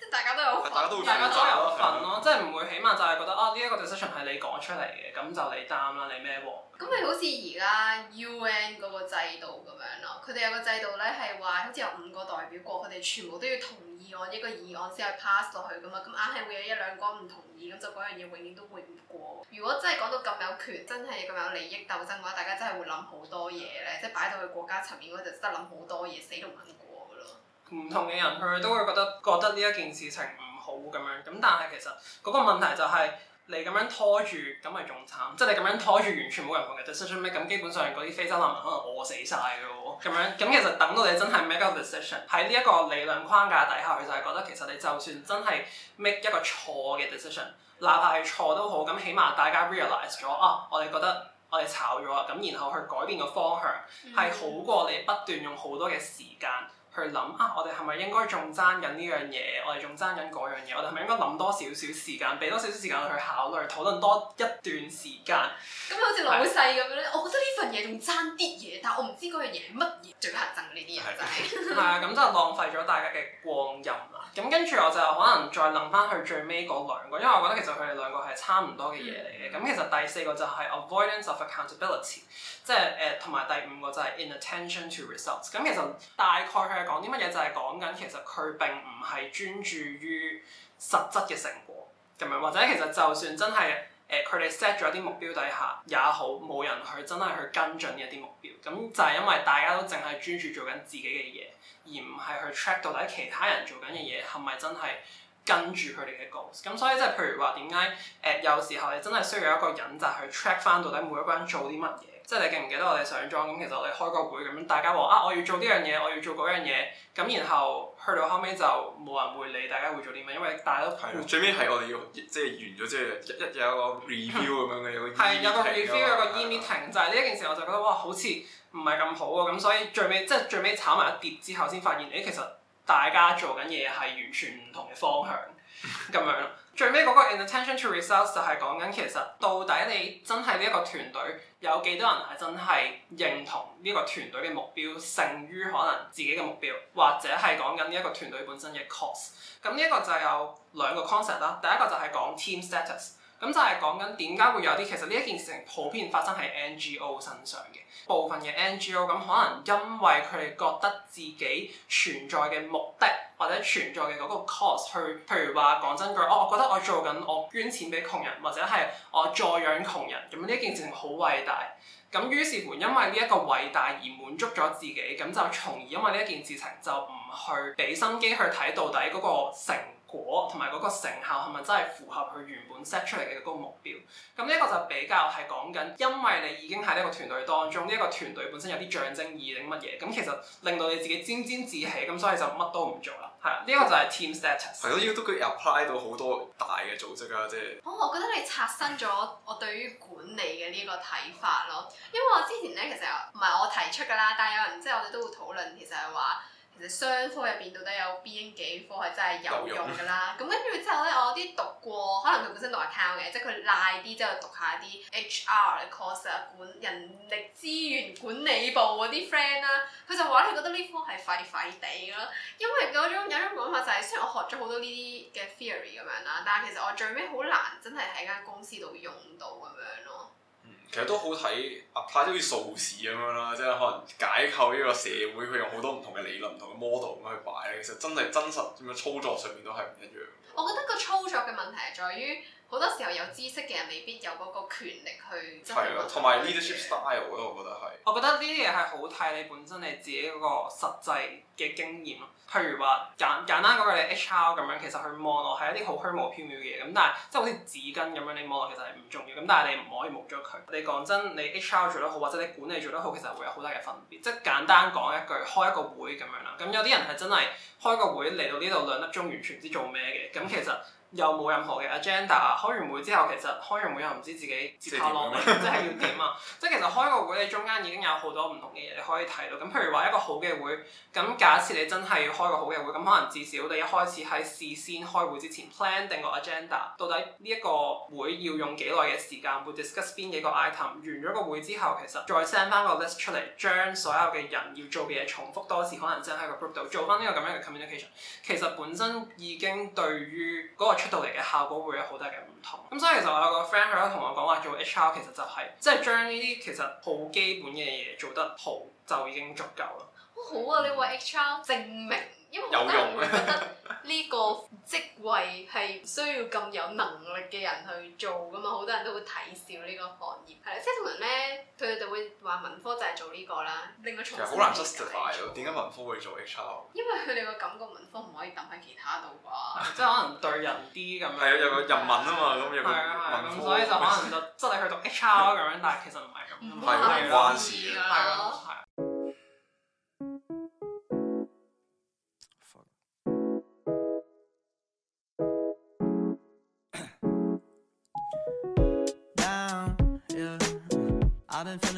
S2: 即係大家都有份，大家都有份咯，
S3: 份啊、即係唔會，起碼就係覺得啊，呢一、啊啊、個 decision 係、啊、你講出嚟嘅，咁、啊、就你擔啦，你孭鑊。
S2: 咁咪好似而家 UN 嗰個制度咁樣咯，佢哋有個制度咧係話，好似有五個代表國，佢哋全部都要同意案一個議案先可 pass 落去咁嘛。咁硬係會有一兩個唔同意，咁就嗰樣嘢永遠都會唔過。如果真係講到咁有權，真係咁有利益鬥爭嘅話，大家真係會諗好多嘢咧，嗯、即係擺到去國家層面嗰度，真係諗好多嘢，死都唔肯過。
S3: 唔同嘅人佢哋都會覺得覺得呢一件事情唔好咁樣，咁但係其實嗰個問題就係你咁樣拖住，咁咪仲慘，即係你咁樣拖住完全冇人講嘅 decision，咁基本上嗰啲非洲難民可能餓死晒㗎喎，咁樣，咁其實等到你真係 make a decision，喺呢一個理論框架底下，佢就係覺得其實你就算真係 make 一個錯嘅 decision，哪怕係錯都好，咁起碼大家 realise 咗啊，我哋覺得我哋炒咗啊。咁然後去改變個方向係好過你不斷用好多嘅時間。去諗啊！我哋係咪應該仲爭緊呢樣嘢？我哋仲爭緊嗰樣嘢？我哋係咪應該諗多少少時間，俾多少少時間去考慮、討論多一段時間？
S2: 咁好似老細咁樣咧，我覺得呢份嘢仲爭啲嘢，但我唔知嗰樣嘢係乜嘢。最憎呢啲人就
S3: 係係啊，咁對 (laughs) 就浪費咗大家嘅光陰啦。咁跟住我就可能再諗翻去最尾嗰兩個，因為我覺得其實佢哋兩個係差唔多嘅嘢嚟嘅。咁、嗯、其實第四個就係 avoidance of accountability，即係誒同埋第五個就係 inattention to results。咁其實大概講啲乜嘢就係講緊，其實佢並唔係專注於實質嘅成果，咁樣或者其實就算真係誒，佢哋 set 咗啲目標底下也好，冇人去真係去跟進一啲目標，咁就係因為大家都淨係專注做緊自己嘅嘢，而唔係去 check 到底其他人做緊嘅嘢係咪真係跟住佢哋嘅 goals 咁，所以即係譬如話，點解誒有時候你真係需要一個引導去 check 翻到底每一個人做啲乜嘢？即係你記唔記得我哋上莊咁？其實我哋開個會咁大家話啊，我要做呢樣嘢，我要做嗰樣嘢。咁然後去到後尾就冇人會理大家會做啲咩，因為大家都睇。最
S1: 尾係我哋要即係完咗，即係一有個 review，有一個 review 咁樣嘅。係 (laughs) 有個 review，
S3: 有個、e、meeting， (laughs) 就係呢一件事，我就覺得哇，好似唔係咁好喎。咁所以最尾即係最尾炒埋一碟之後，先發現誒，其實大家做緊嘢係完全唔同嘅方向咁 (laughs) 樣。最尾嗰個 inattention to results 就係講緊其實到底你真係呢一個團隊。有幾多人係真係認同呢個團隊嘅目標勝於可能自己嘅目標，或者係講緊呢一個團隊本身嘅 cause。咁呢一個就有兩個 concept 啦，第一個就係講 team status。咁就係講緊點解會有啲其實呢一件事情普遍發生喺 NGO 身上嘅部分嘅 NGO 咁可能因為佢哋覺得自己存在嘅目的或者存在嘅嗰個 cause 去，譬如話講真句，我、哦、我覺得我做緊我捐錢俾窮人或者係我助養窮人，咁呢件事情好偉大。咁於是乎因為呢一個偉大而滿足咗自己，咁就從而因為呢一件事情就唔去俾心機去睇到底嗰個成。果同埋嗰個成效係咪真係符合佢原本 set 出嚟嘅嗰個目標？咁呢一個就比較係講緊，因為你已經喺呢個團隊當中，呢一個團隊本身有啲象徵意定乜嘢？咁其實令到你自己沾沾自喜，咁所以就乜都唔做啦。係啦，呢一個就係 team status。係，我
S1: 都可以 apply 到好多大嘅組織啊，即
S2: 係哦。我覺得你刷新咗我對於管理嘅呢個睇法咯，因為我之前咧其實唔係我提出噶啦，但係有人即係我哋都會討論，其實係話。其實商科入邊到底有邊幾科係真係有用㗎啦，咁跟住之後咧，我有啲讀過，可能佢本身讀 account 嘅，即係佢賴啲之後讀一下啲 HR 嘅 course 管人力資源管理部嗰啲 friend 啦，佢就話你覺得呢科係廢廢地咯，因為嗰種有種講法就係，雖然我學咗好多呢啲嘅 theory 咁樣啦，但係其實我最尾好難真係喺間公司度用到咁樣咯。
S1: 其實都好睇，阿派好似數字咁樣啦，即係可能解構呢個社會，佢有好多唔同嘅理論、唔同嘅 model 咁去擺。其實真係真實咁樣操作上面都係唔一樣。
S2: 我覺得個操作嘅問題係在於。好多時候有知識嘅人未必有嗰個權力去。係
S1: 同埋 leadership style 咯，我覺得係。
S3: 我覺得呢啲嘢係好睇你本身你自己嗰個實際嘅經驗。譬如話，簡簡單講句，你 HR 咁樣其實去望落係一啲好虛無縹緲嘅嘢咁，但係即係好似紙巾咁樣你望落其實係唔重要咁，但係你唔可以冇咗佢。你講真，你 HR 做得好或者你管理做得好，其實會有好大嘅分別。即係簡單講一句，開一個會咁樣啦。咁有啲人係真係開個會嚟到呢度兩粒鐘完全唔知做咩嘅。咁其實。又冇任何嘅 agenda，啊？開完會之後其實開完會又唔知自己接下落嚟即係要點啊！ (laughs) 即係其實開個會你中間已經有好多唔同嘅嘢你可以睇到。咁譬如話一個好嘅會，咁假設你真係要開個好嘅會，咁可能至少你一開始喺事先開會之前 plan 定個 agenda，到底呢一個會要用幾耐嘅時間，會 discuss 邊幾個 item。完咗個會之後，其實再 send 翻個 list 出嚟，將所有嘅人要做嘅嘢重複多次，可能真係喺個 group 度做翻呢個咁樣嘅 communication。其實本身已經對於嗰、那個。出到嚟嘅效果會有好大嘅唔同，咁所以其實我有個 friend 佢都同我講話做 HR 其實就係、是、即係將呢啲其實好基本嘅嘢做得好就已經足夠啦。
S2: 好啊，你話 HR 證明。因為好多人都會覺得呢個職位係需要咁有能力嘅人去做噶嘛，好多人都會睇笑呢個行業。係啦，即係通常咧，佢哋就會話文科就係做呢個啦，另外重。其實好難 justify
S1: 咯，點解文科會做 HR？
S2: 因為佢哋個感覺文科唔可以抌喺其他度啩，
S1: 即係可能對人啲
S3: 咁樣。係啊、 (laughs) 嗯，有個人
S1: 文啊嘛，咁、嗯、有個啊係咁所以就可能就
S3: 真係去讀 HR 咁 (laughs) 樣，但係
S1: 其實唔係。唔係唔關事啊。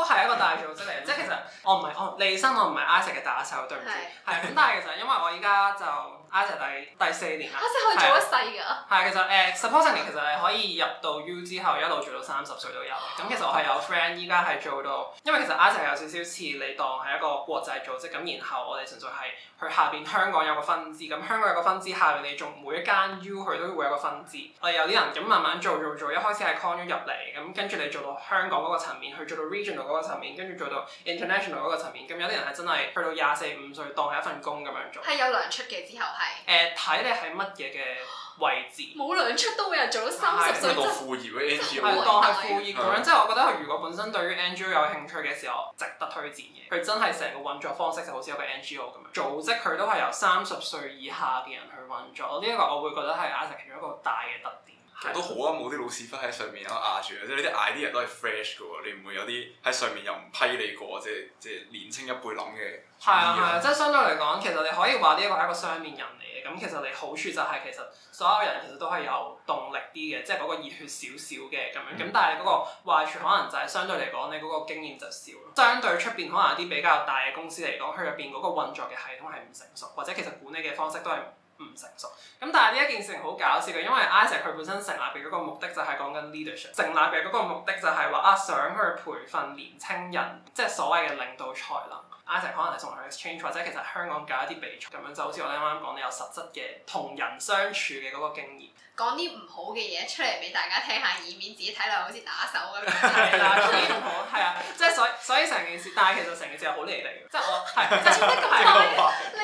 S1: 都係一個大
S3: 組織嚟， (laughs) 即係其實我唔係我李生，我唔係 AIESEC 嘅打手，對唔住，係咁。 (laughs) 但係其實因為我依家就 AIESEC 第第四年啦
S2: ，AIESEC
S3: 可以做一世㗎。係啊，其實誒、呃、supporting 其實係可以入到 U 之後一路做到三十歲都有。咁 (laughs) 其實我係有 friend 依家係做到，因為其實 AIESEC 有少少似你當係一個國際組織，咁然後我哋純粹係去下邊香港有個分支，咁香港有個分支下邊你做每一間 U 佢都會有個分支，我哋有啲人咁慢慢做做做，做，一開始係 con 咗入嚟，咁跟住你做到香港嗰個層面，去做到 regional 嗰個嗰個層面，跟住做到 international 嗰個層面，咁有啲人係真係去到廿四五歲當係一份工咁樣做。
S2: 係有兩出嘅之後係。
S3: 誒、呃，睇你係乜嘢嘅位置。
S2: 冇兩出都會有做到三十歲真係是當係副
S1: 業嘅 NGO。
S2: 當係副業咁樣，即係我覺得，
S3: 佢如果本身對於 NGO 有興趣嘅時候，值得推薦嘅。佢真係成個運作方式就好似一個 NGO 咁樣組織，佢都係由三十歲以下嘅人去運作。呢、這、一個我會覺得係 AIESEC 其中一個大嘅特點。
S1: 都好啊，冇啲老屎忽喺上面有壓住啊，即係呢啲 idea 都係 fresh 嘅喎，你唔會有啲喺上面又唔批你過，即係即係年輕一輩諗嘅。係啊係啊，即係相
S3: 對嚟講，其實你可以話呢一個係一個雙面人嚟嘅。咁其實你好處就係其實所有人其實都係有動力啲嘅，即係嗰個熱血少少嘅咁樣。咁但係嗰個壞處可能就係相對嚟講你嗰個經驗就少咯。相對出邊可能有啲比較大嘅公司嚟講，佢入邊嗰個運作嘅系統係唔成熟，或者其實管理嘅方式都係。唔成熟，咁但係呢一件事情好搞笑嘅，因為 AIESEC 佢本身成立嘅個目的就係講緊 leadership，成立嘅個目的就係話啊想去培訓年青人，即係所謂嘅領導才能。I 成可能係同佢 exchange 或者其實香港搞一啲比賽咁樣就，就好似我哋啱啱講，你有實質嘅同人相處嘅嗰個經驗，
S2: 講啲唔好嘅嘢出嚟俾大家聽下，以免自己睇落好似打手咁
S3: 樣。係啦， (laughs) 唔好。係啊，即係所所以成件事，但係其實成件事係好離離嘅，即
S2: 係我係。即係咁講， (laughs) 令我
S3: 肚。啊、 (laughs) 因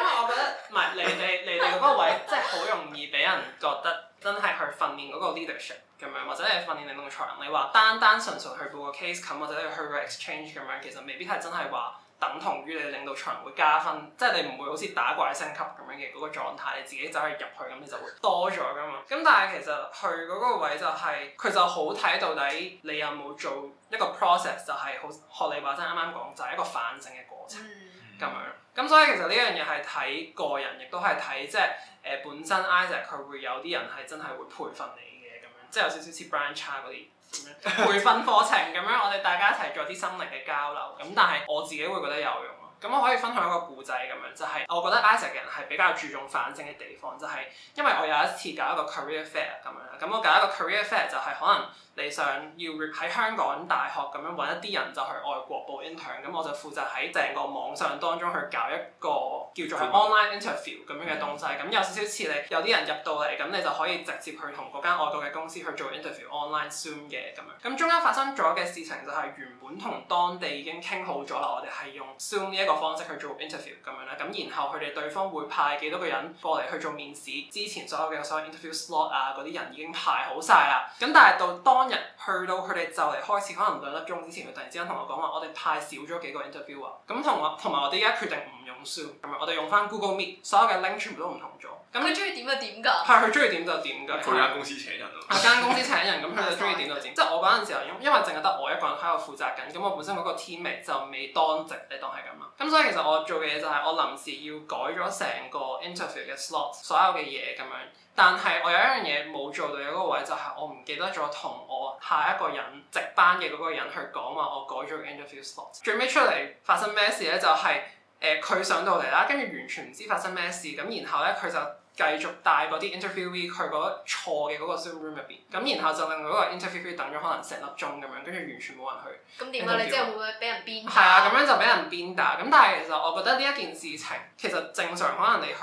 S3: 為我覺得唔係你你你你嗰個位，即係好容易俾人覺得。真係去訓練嗰個 leadership 咁樣，或者係訓練領導嘅才能。你話單單純純去報個 case 咁，或者去去 exchange 咁樣，其實未必係真係話等同於你領導才能會加分。即係你唔會好似打怪升級咁樣嘅嗰個狀態，你自己走去入去咁，你就會多咗噶嘛。咁但係其實去嗰個位就係、是、佢就好睇到底你有冇做一個 process，就係學你話齋啱啱講，就係、是、一個反省嘅過程。嗯咁樣，咁所以其實呢樣嘢係睇個人，亦都係睇即係誒、呃、本身 Isaac 佢會有啲人係真係會培訓你嘅，咁樣即係有少少似 Brian Cha 啲咁樣，培訓課程咁樣，我哋大家一齊做啲心靈嘅交流。咁但係我自己會覺得有用。咁我可以分享一個故仔咁樣，就係、是、我覺得 AIESEC 人係比較注重反省嘅地方，就係、是、因為我有一次搞一個 career fair 咁樣，咁我搞一個 career fair 就係可能你想要喺香港大學咁樣揾一啲人就去外國報 intern，咁我就負責喺整個網上當中去搞一個叫做 online interview 咁樣嘅東西，咁、mm hmm. 有少少似你有啲人入到嚟，咁你就可以直接去同嗰間外國嘅公司去做 interview online zoom 嘅咁樣。咁中間發生咗嘅事情就係原本同當地已經傾好咗啦，我哋係用 zoom、這個個方式去做 interview 咁樣啦，咁然後佢哋對方會派幾多個人過嚟，去做面試，之前所有嘅所有 interview slot 啊，啲人已經排好晒啦。咁但係到當日去到佢哋就嚟開始，可能兩粒鐘之前佢突然之間同我講話，我哋派少咗幾個 interview 啊，咁同我同埋我哋而家決定。唔。用少，咁我哋用翻 Google Meet，所有嘅 link 全部都唔同咗。
S2: 咁、嗯、你中意點就點噶。係
S3: 佢中意點就點噶。佢間、嗯、公司請人咯。佢間 (laughs) 公司請人，咁佢就中意點就點。 (laughs) 即係我嗰陣時候，因因為淨係得我一個人喺度負責緊，咁我本身嗰個 teammate 就未當值，你當係咁啊。咁所以其實我做嘅嘢就係我臨時要改咗成個 interview 嘅 slot，所有嘅嘢咁樣。但係我有一樣嘢冇做到一個位，就係、是、我唔記得咗同我下一個人值班嘅嗰個人去講話，我改咗 interview slot。最尾出嚟發生咩事咧？就係、是。誒佢、呃、上到嚟啦，跟住完全唔知發生咩事，咁然後咧佢就。繼續帶嗰啲 interviewer 去嗰錯嘅嗰個 zoom room 入邊，咁然後就令到嗰個 interviewer 等咗可能成粒鐘咁樣，跟住完全冇人去。咁點解你即係
S2: 會唔會俾人鞭
S3: 打？係啊，咁樣就俾人鞭打。咁但係其實我覺得呢一件事情，其實正常可能你去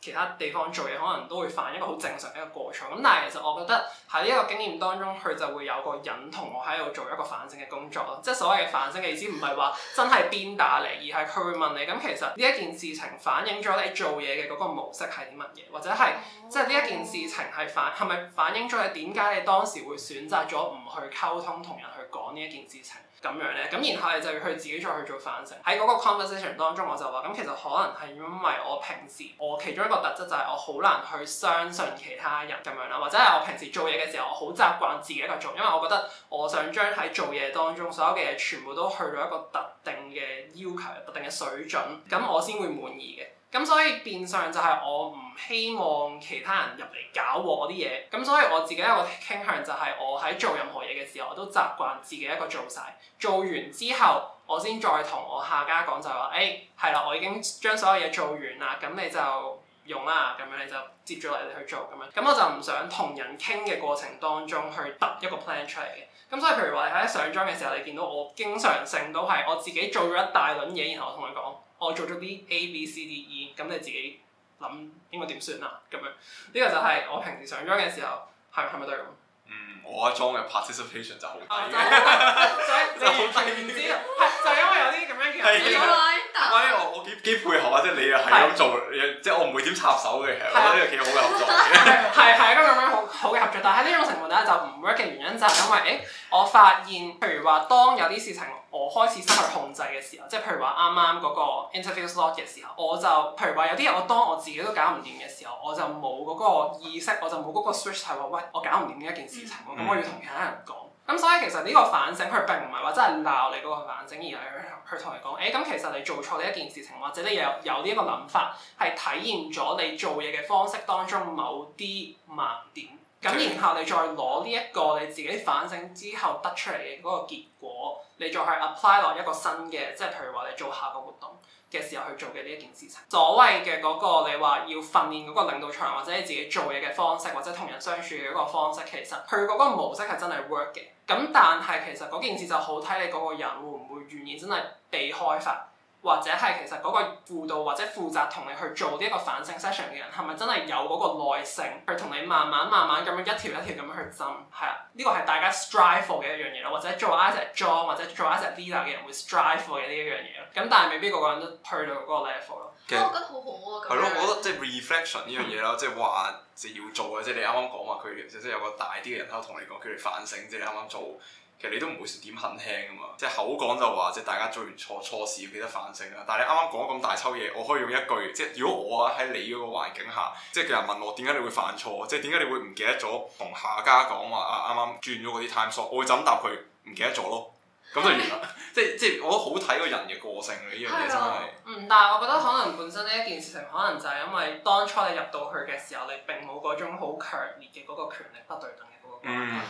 S3: 其他地方做嘢，可能都會犯一個好正常嘅一個過錯。咁但係其實我覺得喺呢一個經驗當中，佢就會有個人同我喺度做一個反省嘅工作咯。即係所謂嘅反省嘅意思，唔係話真係鞭打你，而係佢會問你。咁其實呢一件事情反映咗你做嘢嘅嗰個模式係啲乜嘢？或者係，即係呢一件事情係反，係咪反映咗你點解你當時會選擇咗唔去溝通，同人去講呢一件事情咁樣咧？咁然後你就要去自己再去做反省。喺嗰個 conversation 當中，我就話咁其實可能係因為我平時我其中一個特質就係我好難去相信其他人咁樣啦，或者係我平時做嘢嘅時候，我好習慣自己一個做，因為我覺得我想將喺做嘢當中所有嘅嘢全部都去到一個特定嘅要求、特定嘅水準，咁我先會滿意嘅。咁所以變相就係我唔希望其他人入嚟搞我啲嘢，咁所以我自己一個傾向就係我喺做任何嘢嘅時候，我都習慣自己一個做晒。做完之後我先再同我下家講就係話，誒係啦，我已經將所有嘢做完啦，咁你就用啦，咁樣你就接住落嚟去做咁樣。咁我就唔想同人傾嘅過程當中去揼一個 plan 出嚟嘅。咁所以譬如話你喺上莊嘅時候，你見到我經常性都係我自己做咗一大輪嘢，然後我同佢講。我做咗啲 A B, C, D,、e, 嗯、B、C、D、E，咁你自己諗應該點算啊？咁樣呢、這個就係我平時上
S1: 莊嘅時候，係係咪都係咁？是是嗯，我嘅莊嘅 participation 就好低嘅，所以唔
S3: 知係就係、是、因為
S1: 有啲咁樣嘅人。或者是來我我，我幾幾配合啊？即係你又係咁做，是即係我唔會點插手嘅，係是我覺得又幾好嘅合作。 (laughs)
S3: 係係啊，咁樣好好嘅合作，但係呢種情況底下就唔 work 嘅原因就係因為。欸我發現，譬如話，當有啲事情我開始失去控制嘅時候，即係譬如話啱啱嗰個 interview slot 嘅時候，我就譬如話有啲人，我當我自己都搞唔掂嘅時候，我就冇嗰個意識，我就冇嗰個 switch 係話，喂，我搞唔掂呢一件事情，咁、嗯、我要同其他人講。咁、嗯、所以其實呢個反省，佢並唔係話真係鬧你嗰個反省，而係佢同你講，誒、欸，咁其實你做錯呢一件事情，或者你有有呢一個諗法，係體現咗你做嘢嘅方式當中某啲盲點。咁然後你再攞呢一個你自己反省之後得出嚟嘅嗰個結果，你再去 apply 落一個新嘅，即係譬如話你做下個活動嘅時候去做嘅呢一件事情。所謂嘅嗰個你話要訓練嗰個領導場，或者你自己做嘢嘅方式，或者同人相處嘅一個方式，其實佢嗰個模式係真係 work 嘅。咁但係其實嗰件事就好睇你嗰個人會唔會願意真係被開發。或者係其實嗰個輔導或者負責同你去做呢一個反省 session 嘅人，係咪真係有嗰個耐性去同你慢慢慢慢咁樣一條一條咁樣去針？係啊，呢個係大家 strive for 嘅一樣嘢咯，或者做一隻 job 或者做一隻 leader 嘅人會 strive for 嘅呢一樣嘢咯。咁但係未必個個人都去到嗰個 level 咯。我
S1: 覺得
S2: 好好喎。係咯，我覺
S1: 得即係 reflection 呢樣嘢啦，即係話、嗯、即要做嘅，即係你啱啱講話，佢其實即係有個大啲嘅人喺度同你講，佢哋反省，即係你啱啱做。其實你都唔會點狠聽啊嘛，即係口講就話即係大家做完錯錯事要記得反省啊。但係你啱啱講咁大抽嘢，我可以用一句，即係如果我喺你嗰個環境下，即係有人問我點解你會犯錯，即係點解你會唔記得咗同下家講話啊？啱啱轉咗嗰啲 time slot，我會就咁答佢，唔記得咗咯。咁就完啦的。 (laughs) 即係即係，我都好睇個人嘅個性呢依樣嘢真係。
S3: 嗯，但係我覺得可能本身呢一件事情，可能就係因為當初你入到去嘅時候，你並冇嗰種好強烈嘅嗰個權力不對等嘅嗰個。
S1: 嗯。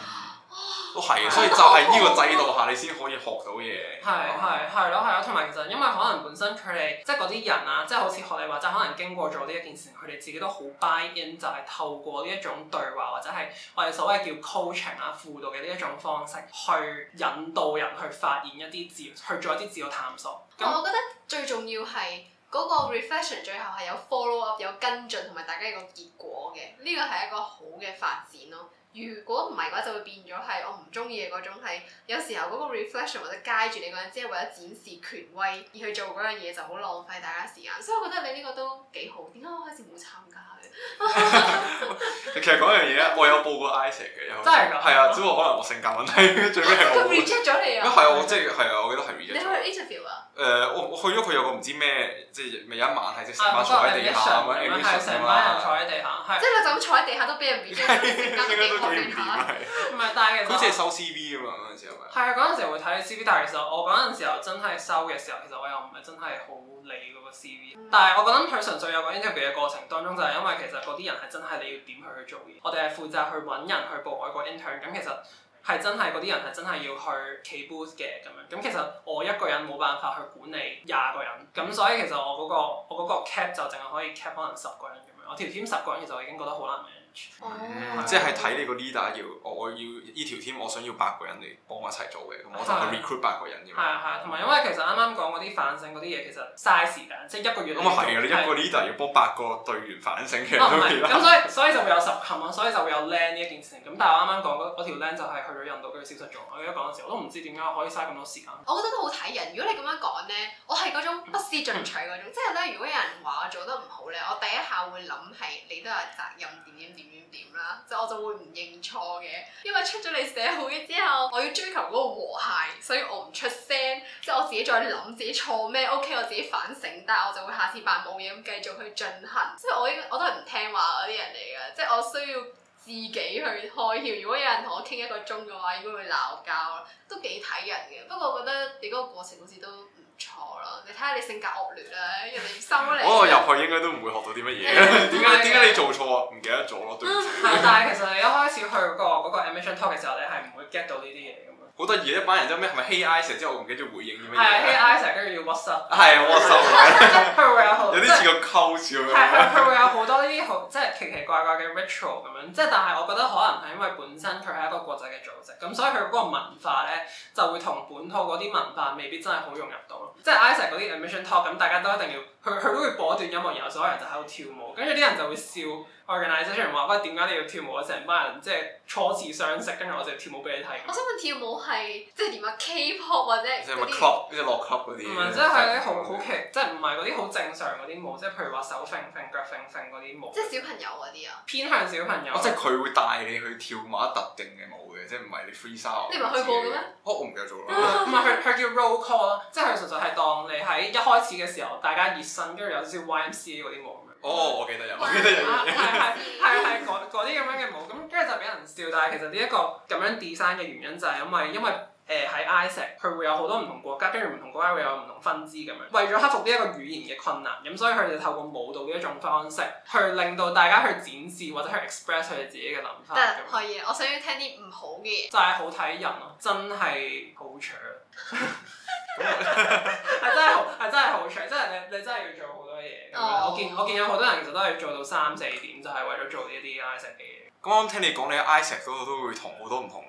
S1: 都係，所以就係呢個制度下，你先可以學到嘢。係係
S3: 係咯係咯，同埋其實因為可能本身佢哋即係嗰啲人啊，即係好似學你話齋，可能經過咗呢一件事，佢哋自己都好 buy in，就係透過呢一種對話或者係我哋所謂叫 coaching 啊輔導嘅呢一種方式，去引導人去發現一啲自去做一啲自我探索。
S2: 噉我覺得最重要係嗰個 reflection 最後係有 follow up 有跟進同埋大家一個結果嘅，呢個係一個好嘅發展咯。如果唔係嘅話，就會變咗係我唔中意嘅嗰種係，有時候嗰個 reflection 或者街住你嗰陣，只係為咗展示權威而去做嗰樣嘢，就好浪費大家時間，所以我覺得你呢個都幾好，點解我開始冇參加？
S1: 其實講樣嘢我有報過 AIESEC 嘅，真係㗎。係啊，只不過可能我性格問題，最尾係我
S2: reject 咗你啊。乜係我
S1: 即係係啊？我記得係 reject。你去
S2: interview
S1: 啊？誒，我我去咗佢有個唔知咩，即係咪有一晚係成班坐喺地下，或者 Mansion 咁啊。成班人坐喺地下，即係佢咁
S2: 坐喺地下都俾人
S3: reject，咁點確定下啊？唔係，但
S1: 係好似係收 CV 啊嘛嗰陣時候咪。係啊，嗰陣時會睇 CV，但
S3: 係其實我嗰陣時候真係收嘅時候，其實我又唔係真係好。你個 CV，但係我覺得佢純粹有個 interview 嘅過程當中，就係因為其實啲人係真係你要點佢去做嘢。我哋係負責去揾人去報外國 intern，咁其實係真係啲人係真係要去 keep boost 嘅，咁樣，咁其實我一個人冇辦法去管理廿個人，咁所以其實我、嗰個我個 cap 就淨係可以 cap 可能十個人咁樣我條 team 十個人其實我已經覺得好難。嗯、
S1: 即係睇你個 leader 要，我要呢條 team 我想要八個人嚟幫我一齊做嘅，咁的我就去 recruit 八個人。係
S3: 啊係啊，同埋因為其實啱啱講嗰啲反省嗰啲嘢其實嘥時間，即、就、係、是、一個月。咁啊係啊，的的你一個 leader
S1: 要幫八個隊員反省的，其咁、啊嗯、所以
S3: 所以就會有十級，所以就會有 learn 呢一件事咁，但係我啱啱講嗰條 learn 就係去咗印度跟住消失咗。我而家講嗰時我都唔知點解可以嘥咁多時間。我
S2: 覺得都好睇人。如果你咁樣講呢，我係嗰種不思進取嗰種，嗯、即係呢，如果有人話我做得唔好呢，我第一下會諗係你都有責任點點點。點啦，即係我就會唔認錯嘅，因為出咗嚟社會之後，我要追求嗰個和諧，所以我唔出聲，即係我自己再諗自己錯咩，OK，我自己反省，但係我就會下次扮冇嘢咁繼續去進行，即係我應我都係唔聽話嗰啲人嚟嘅，即係我需要自己去開竅。如果有人同我傾一個鐘嘅話，應該會鬧交，都幾睇人嘅。不過我覺得你嗰個過程好似都～錯啦！你睇下你性格惡劣啦，人哋收你。哦，入
S1: 去應該都唔會學到啲乜嘢。點解點解你做錯唔記得咗咯？對 (laughs) 嗯，係，但係其
S3: 實你一開始去嗰個 intention talk 嘅時候，你係唔會 get
S1: 到呢啲嘢嘅。好得意一班人之後咩係咪 Hey AIESEC 之後我唔記得咗回應叫咩？係啊 (music) ，Hey AIESEC
S3: 跟住要 what's up 係啊，what's up 佢
S1: 有啲似個 cult 似咁樣。係係，佢會
S3: 有好多呢啲好即係奇奇怪怪嘅 ritual 咁樣，即係但係我覺得可能係因為本身佢係一個國際嘅組織，咁所以佢嗰個文化咧就會同本土嗰啲文化未必真係好融入到咯。即係 AIESEC 嗰啲 emission talk 咁，大家都一定要佢佢都會播一段音樂，然後有所有人就喺度跳舞，跟住啲人就會笑。organisation 啲人話，喂點解你要跳舞？我成班人即係初次相識，跟住我就跳舞俾你睇。我
S2: 想問跳舞係即係點啊？K-pop 或者即係乜 club？
S3: 啲落 club 嗰啲。唔係，即係對好好奇，即係唔係嗰啲好正常嗰啲舞，即係譬如話手揈揈、腳
S2: 揈揈嗰啲舞。即係小朋友嗰啲啊？
S3: 偏向小
S1: 朋友。即係佢會帶你去跳某特定嘅舞嘅，即係唔係你 free solo？你唔係去過嘅咩？我唔記得咗啦。
S3: 唔係佢佢叫 roll call 啦，即係佢純粹係當你喺一開始嘅時候，大家熱身，跟住有少少 YMCA 嗰啲舞。 (laughs) 哦，我記得有，我記得有。係係係嗰啲咁樣嘅舞，咁跟住就俾人笑。但係其實呢、這、一個咁樣 design 嘅原因就係因為，因為誒喺 AIESEC 佢會有好多唔同國家，跟住唔同國家會有唔同分支咁樣。為咗克服呢一個語言嘅困難，咁所以佢哋透過舞蹈嘅一種方式，去令到大家去展示或者去 express 佢哋自己嘅諗法。得
S2: 可以，樣我想要聽啲唔好嘅嘢，
S3: 就係好睇人咯，真係好搶。 (laughs)
S2: 係 (laughs) 呵呵
S3: (laughs) 真係好，係真係好長，真係你你真係要做好多嘢、oh.。我見我見有好多人其實都係做到三四點就，就係為咗做呢一啲嘢。
S1: 剛剛聽你講你喺 AIESEC 嗰度都會同好多唔同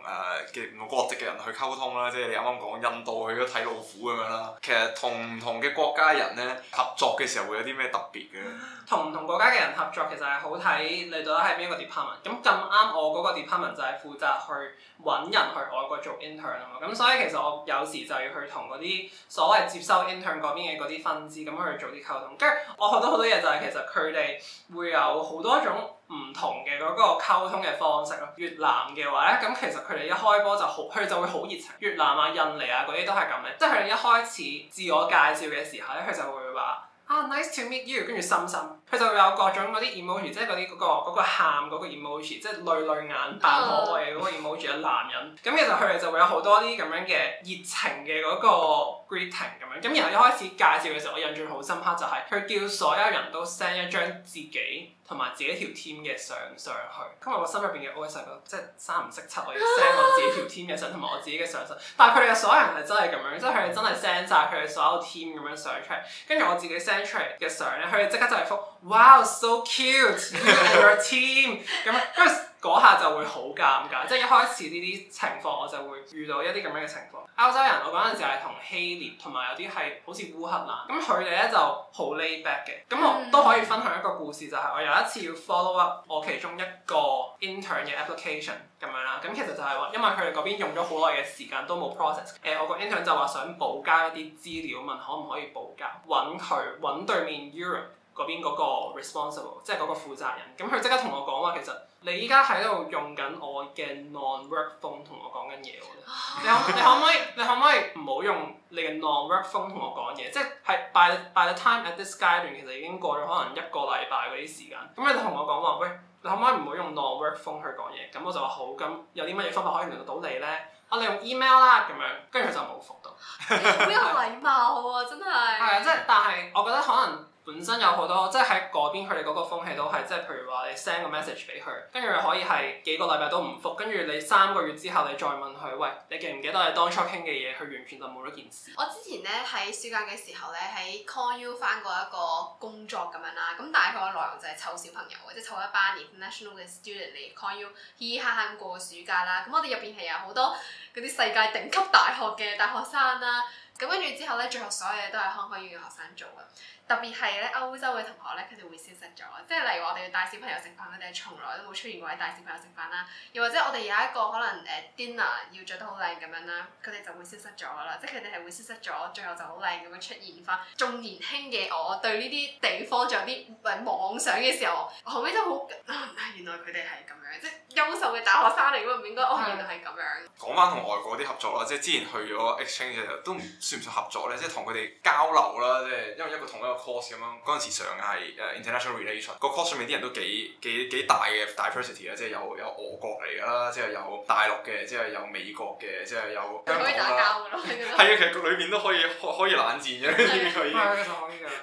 S1: 誒嘅唔同國籍嘅人去溝通啦，即係你啱啱講印度去咗睇老虎咁樣啦。其實同唔同嘅國家人咧合作嘅時候會有啲咩特別嘅？
S3: 同唔同國家嘅人合作其實係好睇你到底係邊一個 department。咁咁啱我嗰個 department 就係負責去揾人去外國做 intern 啊嘛。咁所以其實我有時就要去同嗰啲所謂接收 intern 嗰邊嘅嗰啲分支咁去做啲溝通。跟住我學到好多嘢就係其實佢哋會有好多種。唔同嘅嗰個溝通嘅方式咯，越南嘅話咧，咁其實佢哋一開波就好，佢就會好熱情。越南啊、印尼啊嗰啲都係咁嘅，即係佢哋一開始自我介紹嘅時候咧，佢就會話啊、oh, nice to meet you，跟住心心深深。佢就會有各種嗰啲 emoji，即係嗰啲嗰個喊嗰個、嗰個、嗰個、emoji，即係淚淚眼扮可愛嗰個 emoji 嘅 (laughs) 男人。咁其實佢哋就會有好多啲咁樣嘅熱情嘅嗰個 greeting 咁樣。咁然後一開始介紹嘅時候，我印象好深刻就係、係、佢叫所有人都 send 一張自己，同埋自己條 team 嘅相上去，咁我個心入邊嘅 OS，即係三唔識七我要 send 我自己條 team 嘅相，同埋我自己嘅相上，但係佢哋嘅所有人係真係咁樣，即係佢哋真係 send 晒佢哋所有 team 咁樣上出嚟，跟住我自己 send 出嚟嘅相咧，佢哋即刻就係覆，wow so cute and your team 咁樣，跟住。嗰下就會好尷尬，即係一開始呢啲情況我就會遇到一啲咁樣嘅情況。歐洲人，我嗰陣時係同希臘，同埋有啲係好似烏克蘭，咁佢哋咧就好 lay back 嘅。咁我都可以分享一個故事，就係我有一次要 follow up 我其中一個 intern 嘅 application 咁樣啦。咁其實就係話，因為佢哋嗰邊用咗好耐嘅時間都冇 process、呃。誒，我個 intern 就話想補交一啲資料，問可唔可以補交，揾佢揾對面 Europe。嗰邊嗰個 responsible，即係嗰個負責人，咁佢即刻同我講話，其實你依家喺度用緊我嘅 non-work phone 同我講緊嘢，你可唔可，可以你可唔可以唔好用你嘅 non-work phone 同我講嘢？即、就、係、是、by by the time at this 階段，其實已經過咗可能一個禮拜嗰啲時間，咁佢就同我講話，喂、欸，你可唔可以唔好用 non-work phone 去講嘢？咁我就話好，咁有啲乜嘢方法可以聯絡到你呢？我、啊、你用 email 啦，咁樣，跟住佢就冇覆到，
S2: 好有禮貌喎、啊，真係。係啊
S3: 對，即係， (laughs) 但係我覺得可能。本身有好多，即係喺嗰邊佢哋嗰個風氣都係，即係譬如話你 send 個 message 俾佢，跟住可以係幾個禮拜都唔覆，跟住你三個月之後你再問佢，喂，你記唔記得你當初傾嘅嘢？佢完全就冇咗件事。我
S2: 之前咧喺暑假嘅時候咧，喺 call you 返過一個工作咁樣啦，咁大概佢內容就係湊小朋友即係湊一班 international 嘅 student 嚟 call you 嘻嘻哈哈咁過暑假啦。咁我哋入邊係有好多嗰啲世界頂級大學嘅大學生啦。咁跟住之後咧，最後所有嘢都係香港嚟嘅學生做嘅，特別係咧歐洲嘅同學咧，佢哋會消失咗，即係例如我哋要帶小朋友食飯，佢哋從來都冇出現過喺帶小朋友食飯啦，又或者我哋有一個可能誒 dinner 要着得好靚咁樣啦，佢哋就會消失咗啦，即係佢哋係會消失咗，最後就好靚咁樣出現返，仲年輕嘅我對呢啲地方仲有啲唔係妄想嘅時候，後尾都好。 (laughs) 佢哋係咁樣，即係優秀嘅大學生嚟咁啊，唔應該安逸到係咁
S1: 樣。講翻同外國啲合作啦，即係之前去咗 exchange 都唔算唔算合作咧？即係同佢哋交流啦，即係因為一個同一個 course 咁樣嗰陣時上係誒 international relation 個 course 上面啲人都幾幾幾大嘅 diversity 啦，即係有有俄國嚟噶啦，即係有大陸嘅，即係有美國嘅，即係有香港。可以打交㗎咯，係啊， (laughs) 其實個裏面都可以可以冷戰嘅，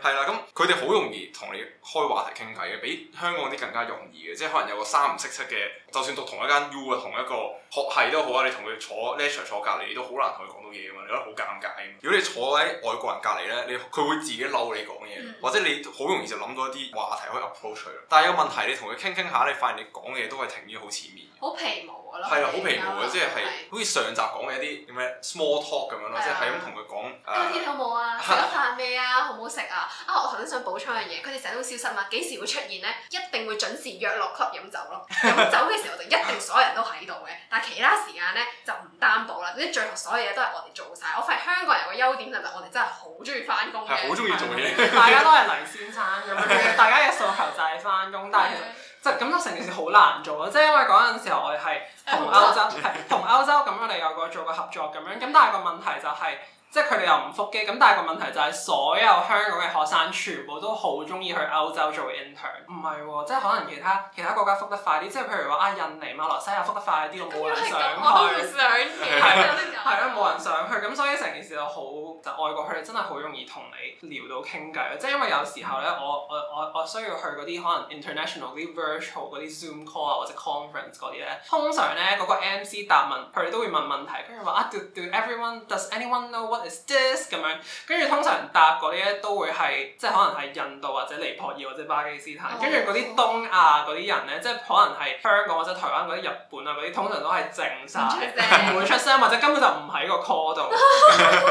S1: 係啦的，咁佢哋好容易同你開話題傾偈嘅，比香港啲更加容易嘅，即係可能有，三唔識七嘅，就算讀同一間 U 啊，同一個學系都好啊，你同佢坐 lecture 坐隔離，你都好難同佢講到嘢啊嘛，你覺得好尷尬，如果你坐喺外國人隔離呢，你佢會自己嬲你講嘢，嗯、或者你好容易就諗到一啲話題可以 approach 佢。但係有個問題，你同佢傾傾下，你發現你講嘢都係停於好前面。
S2: 好皮毛。係啊，好平凡啊，即係
S1: 係好似上集講嘅一啲叫咩 small talk 咁樣咯，即係咁同佢講。今日天
S2: 好唔好啊？食咗飯未啊，好唔好食啊？啊，我頭先想補充一樣嘢，佢哋成日都消失嘛，幾時會出現咧？一定會準時約落 club 飲酒咯。飲 (laughs) 酒嘅時候，就一定所有人都喺度嘅，但係其他時間咧就唔擔保啦。總之最後所有嘢都係我哋做晒。我發現香港人嘅優點就係我哋真係好中意返工嘅，好中意做嘢。大家都係黎先生
S3: 咁樣， (laughs) 大家嘅訴求就係返工，但係其實。即係咁，就成件事好難做咯。即因為嗰陣時候我哋係同歐洲係同歐洲咁樣嚟有個做個合作咁樣，咁但係個問題就係。即係佢哋又唔復機，咁但係個問題就係所有香港嘅學生全部都好中意去歐洲做 intern。唔係喎，即係可能其他其他國家復得快啲，即係譬如話啊，印尼啊、馬來西亞復得快啲，啊，我冇人想去。係啊， (laughs) 冇 (laughs) 人想去，咁所以成件事就好就外國佢哋真係好容易同你聊到傾偈。即係因為有時候呢，我我我我需要去嗰啲可能 international 啲 virtual 嗰啲 zoom call 啊或者 conference 嗰啲呢。通常呢，嗰、嗰個 MC 答問佢哋都會問問題，譬如話啊 do do everyone does anyone know what 咁樣，跟住通常答嗰啲咧都會係，即係可能係印度或者尼泊爾或者巴基斯坦，跟住嗰啲東亞嗰啲人咧，即係可能係香港或者台灣嗰啲日本啊嗰啲，通常都係靜晒，唔 (laughs) 會出聲或者根本就唔喺個 call 度，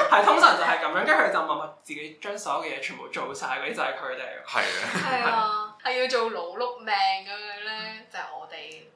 S3: 係 (laughs) 通常就係咁樣，跟住佢就默默自己將所有嘅嘢全部做晒。嗰啲就係佢哋。係啊，係啊，係
S2: 要做勞碌命咁樣咧，就係、是、我哋。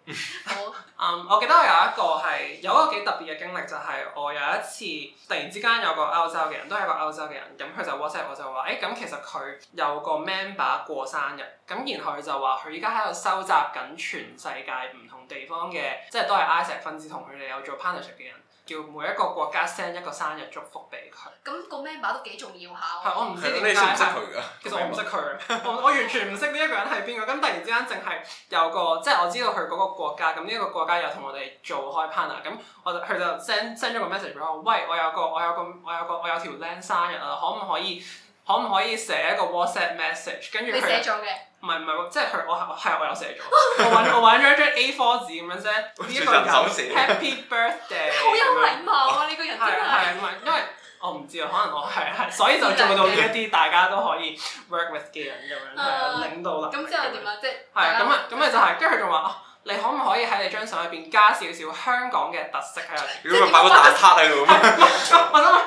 S3: 好，嗯， (laughs) um, 我記得我有一個係有一個幾特別嘅經歷，就係、是、我有一次突然之間有個歐洲嘅人，都係一個歐洲嘅人，咁佢就 WhatsApp 我就話，誒咁其實佢有個 member 過生日，咁然後佢就話佢依家，喺度收集緊全世界唔同地方嘅，即係都係 AIESEC 分子同佢哋有做 partnership 嘅人。叫每一個國家 send 一個生日祝福俾佢。
S2: 咁個 member 都幾重要下喎、啊嗯。我唔係你識唔識佢㗎？其
S3: 實我唔識佢， (laughs) 我完全唔識呢一個人係邊個。咁突然之間，淨係有個即係我知道佢嗰個國家，咁呢個國家又同我哋做開 partner。咁我就佢就 send send 咗個 message 俾我。喂，我有個我有個我有個,我有,個,我,有個我有條靚生日啊！可唔可以可唔可以寫一個 WhatsApp message？跟住佢。唔係唔係，即係佢我係我有寫咗，我揾我揾咗一張 A4 紙咁樣先。我呢個人 Happy Birthday，好有禮貌啊！呢個人係啊係啊，唔係因為我唔知啊，可能我係係，所以就做到呢一啲大家都可以 work with 嘅人咁樣，
S2: 領到啦。咁之後點啊？即係啊，咁啊
S3: 咁咪就係，跟住佢仲話。你可唔可以喺你張相裏邊加少少香港嘅特色喺度？如果唔係擺個蛋撻喺度，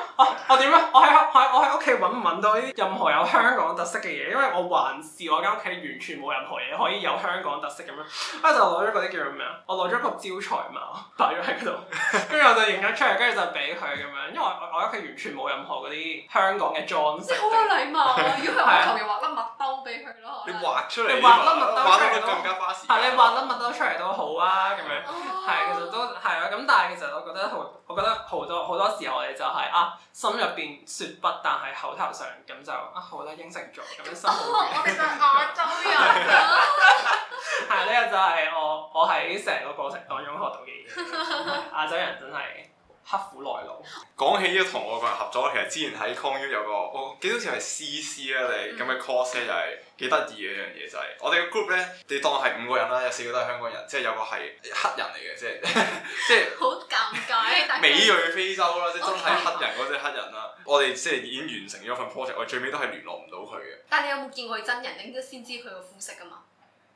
S3: 我點咧？我喺我喺屋企揾唔揾到啲任何有香港特色嘅嘢，因為我還是我間屋企完全冇任何嘢可以有香港特色咁樣。啊就攞咗嗰啲叫做咩啊？我攞咗個招財貓擺咗喺度，跟住我就影咗出嚟，跟住就俾佢咁樣。因為我我屋企完全冇任何嗰啲香港嘅裝飾。即好有
S2: 禮貌。如果係我，我後期畫粒麥兜俾佢
S3: 咯。你畫出嚟。你畫粒麥兜出嚟咯。你畫粒麥兜出都好啊，咁樣，係、oh.，其實都係啊，咁但係其實我覺得，我覺得好多好多時候我、就是，我哋就係啊，心入邊說不，但係口頭上咁就啊，好啦，應承咗，咁樣心冇變。我其實係亞洲人。係呢個就係我我喺成個過程
S1: 當中學到嘅
S3: 嘢，亞洲、 (laughs) 啊、人真係。刻苦耐勞。
S1: 講起要同外國人合作，其實之前喺 Con U 有個，我、哦、幾好似係 C C 啦，你咁嘅 course 咧就係幾得意嘅一樣嘢就係、是，我哋 group 咧，你當係五個人啦，有四個都係香港人，即係有個係黑人嚟嘅，即係即係。 (laughs) 好
S2: 尷尬。 (laughs) 是美裔
S1: 非洲啦， (laughs) 即係真係黑人嗰隻黑人啦。 (laughs) 我哋即係已經完成咗份 project， (laughs) 我最尾都係聯絡唔到佢嘅。
S2: 但係你有冇見過佢真人？你應該先知佢個膚色噶嘛。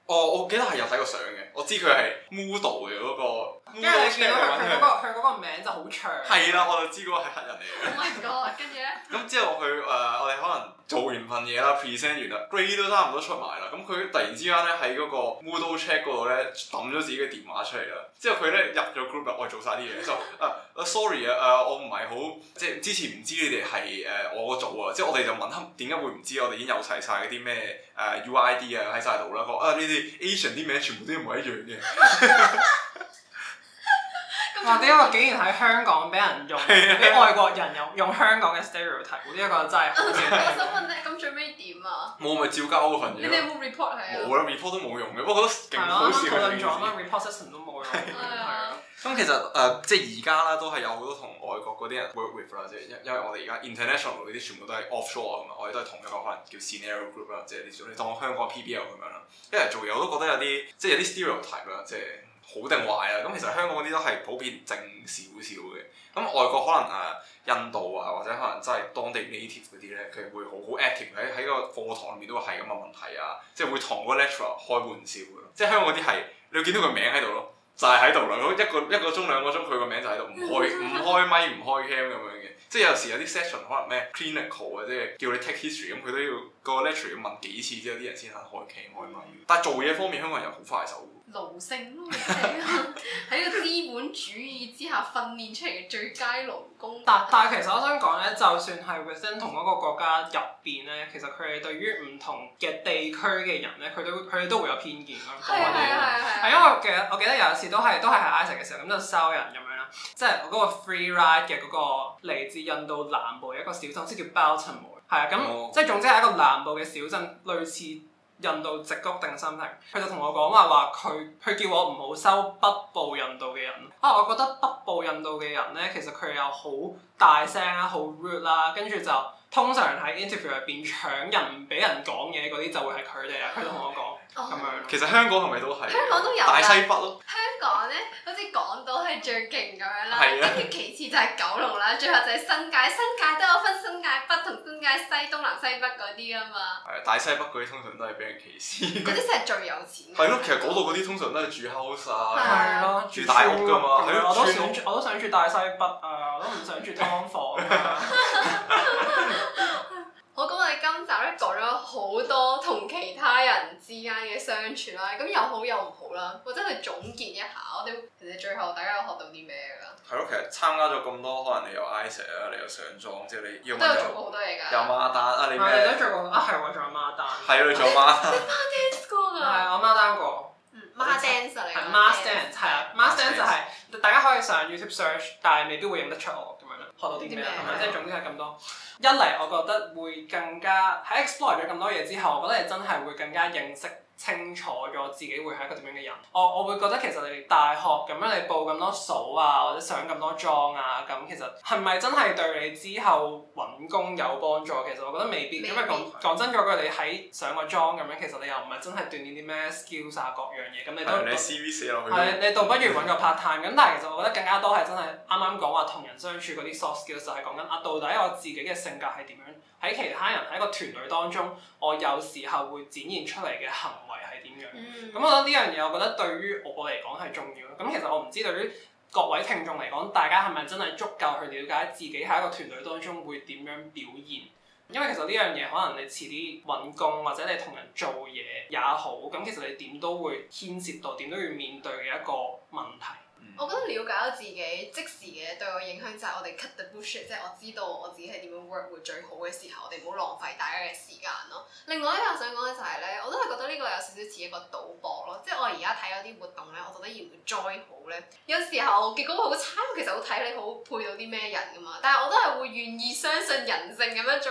S1: 哦，oh, 我記得係有睇過相嘅，我知佢係 Moodle 嘅嗰個，跟住你見到佢佢嗰個
S3: 佢嗰個名就好長。係
S1: 啦，我就知嗰個係黑人嚟嘅。唔係唔該，
S2: 跟
S1: 住咧。咁之後佢誒、呃，我哋可能做完份嘢啦，present 完啦，grade 都差唔多出埋啦。咁、嗯、佢突然之間咧喺嗰個 Moodle check 嗰度咧揼咗自己嘅電話出嚟啦。之後佢咧入咗 group 入嚟做晒啲嘢，就、呃、sorry 啊，誒、呃、我唔係好即係之前唔知你哋係誒我個組啊，即係我哋就問下點解會唔知，我哋已經有齊晒嗰啲咩誒 UID 啊喺晒度啦，在在你 Asian 啲名全部都係唔係一樣嘅。
S2: 哇！呢一、啊這個
S3: 竟然喺香港俾人用，俾的外國人用用香港嘅 stereotype，呢一個真係好。我想問咧，
S2: 咁
S3: 最尾點啊？冇咪、就是、照交嗰份嘢。你哋有
S2: 冇 report 係？冇啦
S1: ，report 都冇用嘅。不過好，好笑。討論咗
S3: 啦，report system 都冇
S1: 用。係啊。咁其實誒、呃，即係而家啦，都係有好多同外國嗰啲人 work with 啦，即係因因為我哋而家 international 嗰啲全部都係 offshore 咁啊，我哋都係同一個可能叫 scenario group 啦，即係你當香港 PBL 咁樣啦。因為做嘢我都覺得有啲，即係有啲 stereotype 啦，即係。好定壞啦，啊，咁其實香港嗰啲都係普遍靜少少嘅。咁外國可能誒、啊、印度啊，或者可能真係當地 native 嗰啲呢，佢會好好 active 喺喺個課堂入面都係咁嘅問題啊，即係會同個 lecture 開玩笑，即係香港啲係你會見到個名喺度咯，就係喺度兩個一個一個鐘兩個鐘佢個名就喺度，唔開唔開咪、唔開 cam 咁樣嘅，即係有時有啲 session 可能咩 clinical 即係，叫你 take history 咁佢都要個 lecture 要問幾次之後啲人先肯開 cam 開咪。開咪嗯、但係做嘢方面香港人又好快手。
S2: 勞性咯，喺個資本主義之下訓練出嚟嘅最佳勞工。但但係其實我想講
S3: 咧，就算係 v i r g n 同嗰個國家入邊咧，其實佢哋對於唔同嘅地區嘅人咧，佢都佢哋都會有偏見咯。係因為其實我記得有一次都係都係喺 AIESEC 嘅時候咁就收人咁樣啦，即係我嗰個 freeride 嘅嗰、嗰個嚟自印度南部一個小鎮，即係叫包 a l t 係啊，咁、oh. 即係總之係一個南部嘅小鎮，類似。印度直覺定心情，佢就同我講話話佢佢叫我唔好收北部印度嘅人，人啊！我覺得北部印度嘅人咧，其實佢又好大聲啊，好 rude 啦，跟住就通常喺 interview 入邊搶人唔俾人講嘢嗰啲就會係佢
S1: 哋啦。佢同我講咁的、哦、樣，其實香港係咪都係？香港都有大西北咯。
S2: 香港咧，好似港島係最勁咁樣啦，跟住的其次就係九龍啦，最後就係新界。新界都有分新界北同。西東南西北嗰啲啊
S1: 嘛，係大西北嗰啲通常都係俾人歧視。
S2: 嗰啲先係最有錢。
S1: 係咯， (laughs) 其實嗰度嗰啲通常都係住 house 啊， (laughs) 對住大屋㗎嘛。我都想住，
S3: 我都想住大西北啊，我都唔想住
S2: 劏房。好，咁我哋今集咧講。好多同其他人之間嘅相處啦，咁又好又唔好啦。我真係總結一下，我哋其實最後大家學到啲咩㗎？係咯，
S1: 其實參加咗咁多，可能你又 AIESEC 啦，你又上莊，即係你。用都有做過好多嘢㗎。有媽丹啊，你咩？我都
S3: 做過啊，係我做阿媽丹。係啊，你做啊。
S2: 媽 dance 哥㗎。係
S3: 啊，我媽丹過。嗯，
S2: 媽 dance 嚟㗎。係
S3: 媽 dance 啊，媽 dance 就係大家可以上 YouTube search，但係你都會認得出我。學到啲咩？啊麼？係咪？即係總之係咁多。 (laughs) 一嚟，我覺得會更加喺 explore 咗咁多嘢之後，我覺得係真係會更加認識。清楚咗自己會係一個點樣嘅人，我、oh, 我會覺得其實你大學咁樣你報咁多數啊，或者上咁多莊啊，咁其實係咪真係對你之後揾工有幫助？其實我覺得未必，未必因為講講的真嗰句，你喺上個莊咁樣，其實你又唔係真係鍛鍊啲咩 skills 啊各樣嘢，咁你都、嗯、你 CV 你倒不如揾個 part time。咁 (laughs) 但係其實我覺得更加多係真係啱啱講話同人相處嗰啲 soft skills 就係講緊啊，到底我自己嘅性格係點樣？喺其他人喺個團隊當中，我有時候會展現出嚟嘅行為。係點樣？咁，嗯，我覺得呢樣嘢，我覺得對於我嚟講係重要。咁其實我唔知對於各位聽眾嚟講，大家係咪真係足夠去了解自己喺一個團隊當中會點樣表現？因為其實呢樣嘢，可能你遲啲揾工或者你同人做嘢也好，咁其實你點都會牽涉到，點都要面對嘅一個問題。
S2: 我覺得了解到自己即時嘅對我影響就係我哋 cut the bullshit，即係我知道我自己係點樣 work 會最好嘅時候，我哋唔好浪費大家嘅時間咯。另外一樣想講嘅就係咧，我都係覺得呢個有少少似一個賭博咯，即係我而家睇嗰啲活動咧，我覺得要 join 好咧，有時候我結果好差，其實好睇你好配到啲咩人噶嘛。但係我都係會願意相信人性咁樣再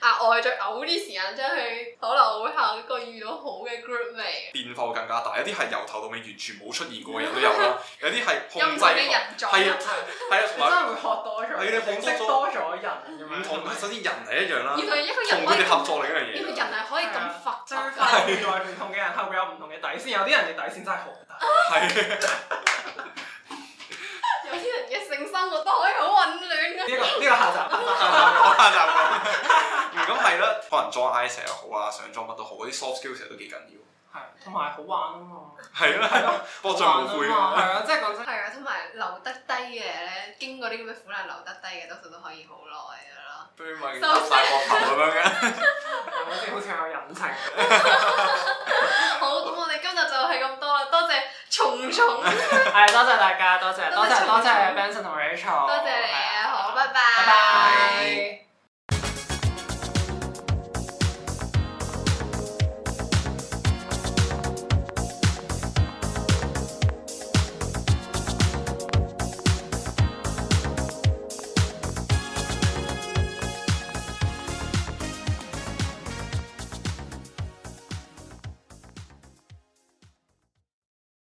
S2: 額外再嘔啲時間，即係可能我會下一個遇到好嘅 group 嚟。
S1: 變化更加大，有啲係由頭到尾完全冇出現過嘅 (laughs) 有啦，有啲係。控制，係啊，係啊，你真係
S2: 會學多咗，你識多咗
S1: 人，唔同首先人係一樣啦。
S3: 原來一個人可以合作嚟一樣嘢。人係
S2: 可以咁複雜。原來唔
S3: 同嘅人會有唔同嘅底線，有啲人嘅底線真係好大。係。
S2: 有啲人嘅性生活都可以好混亂。呢個呢個
S1: 下集。咁係啦，可能裝 AIESEC 又好啊，想裝乜都好，啲 soft skill 成日都幾緊要。同埋好玩啊嘛，係咯係咯，樂
S3: 在
S2: 無負啊，係啊，即係講真，係啊，同埋留得低嘅咧，經過啲咁嘅苦難留得低嘅，多數都可以好耐噶啦，收曬個頭咁樣嘅，好似有隱情。好，咁我哋今日就係咁多啦，多謝蟲蟲，係，多
S3: 謝大家，多謝多謝多謝 Benson 同 Rachel，多謝你
S2: 啊，好，拜拜。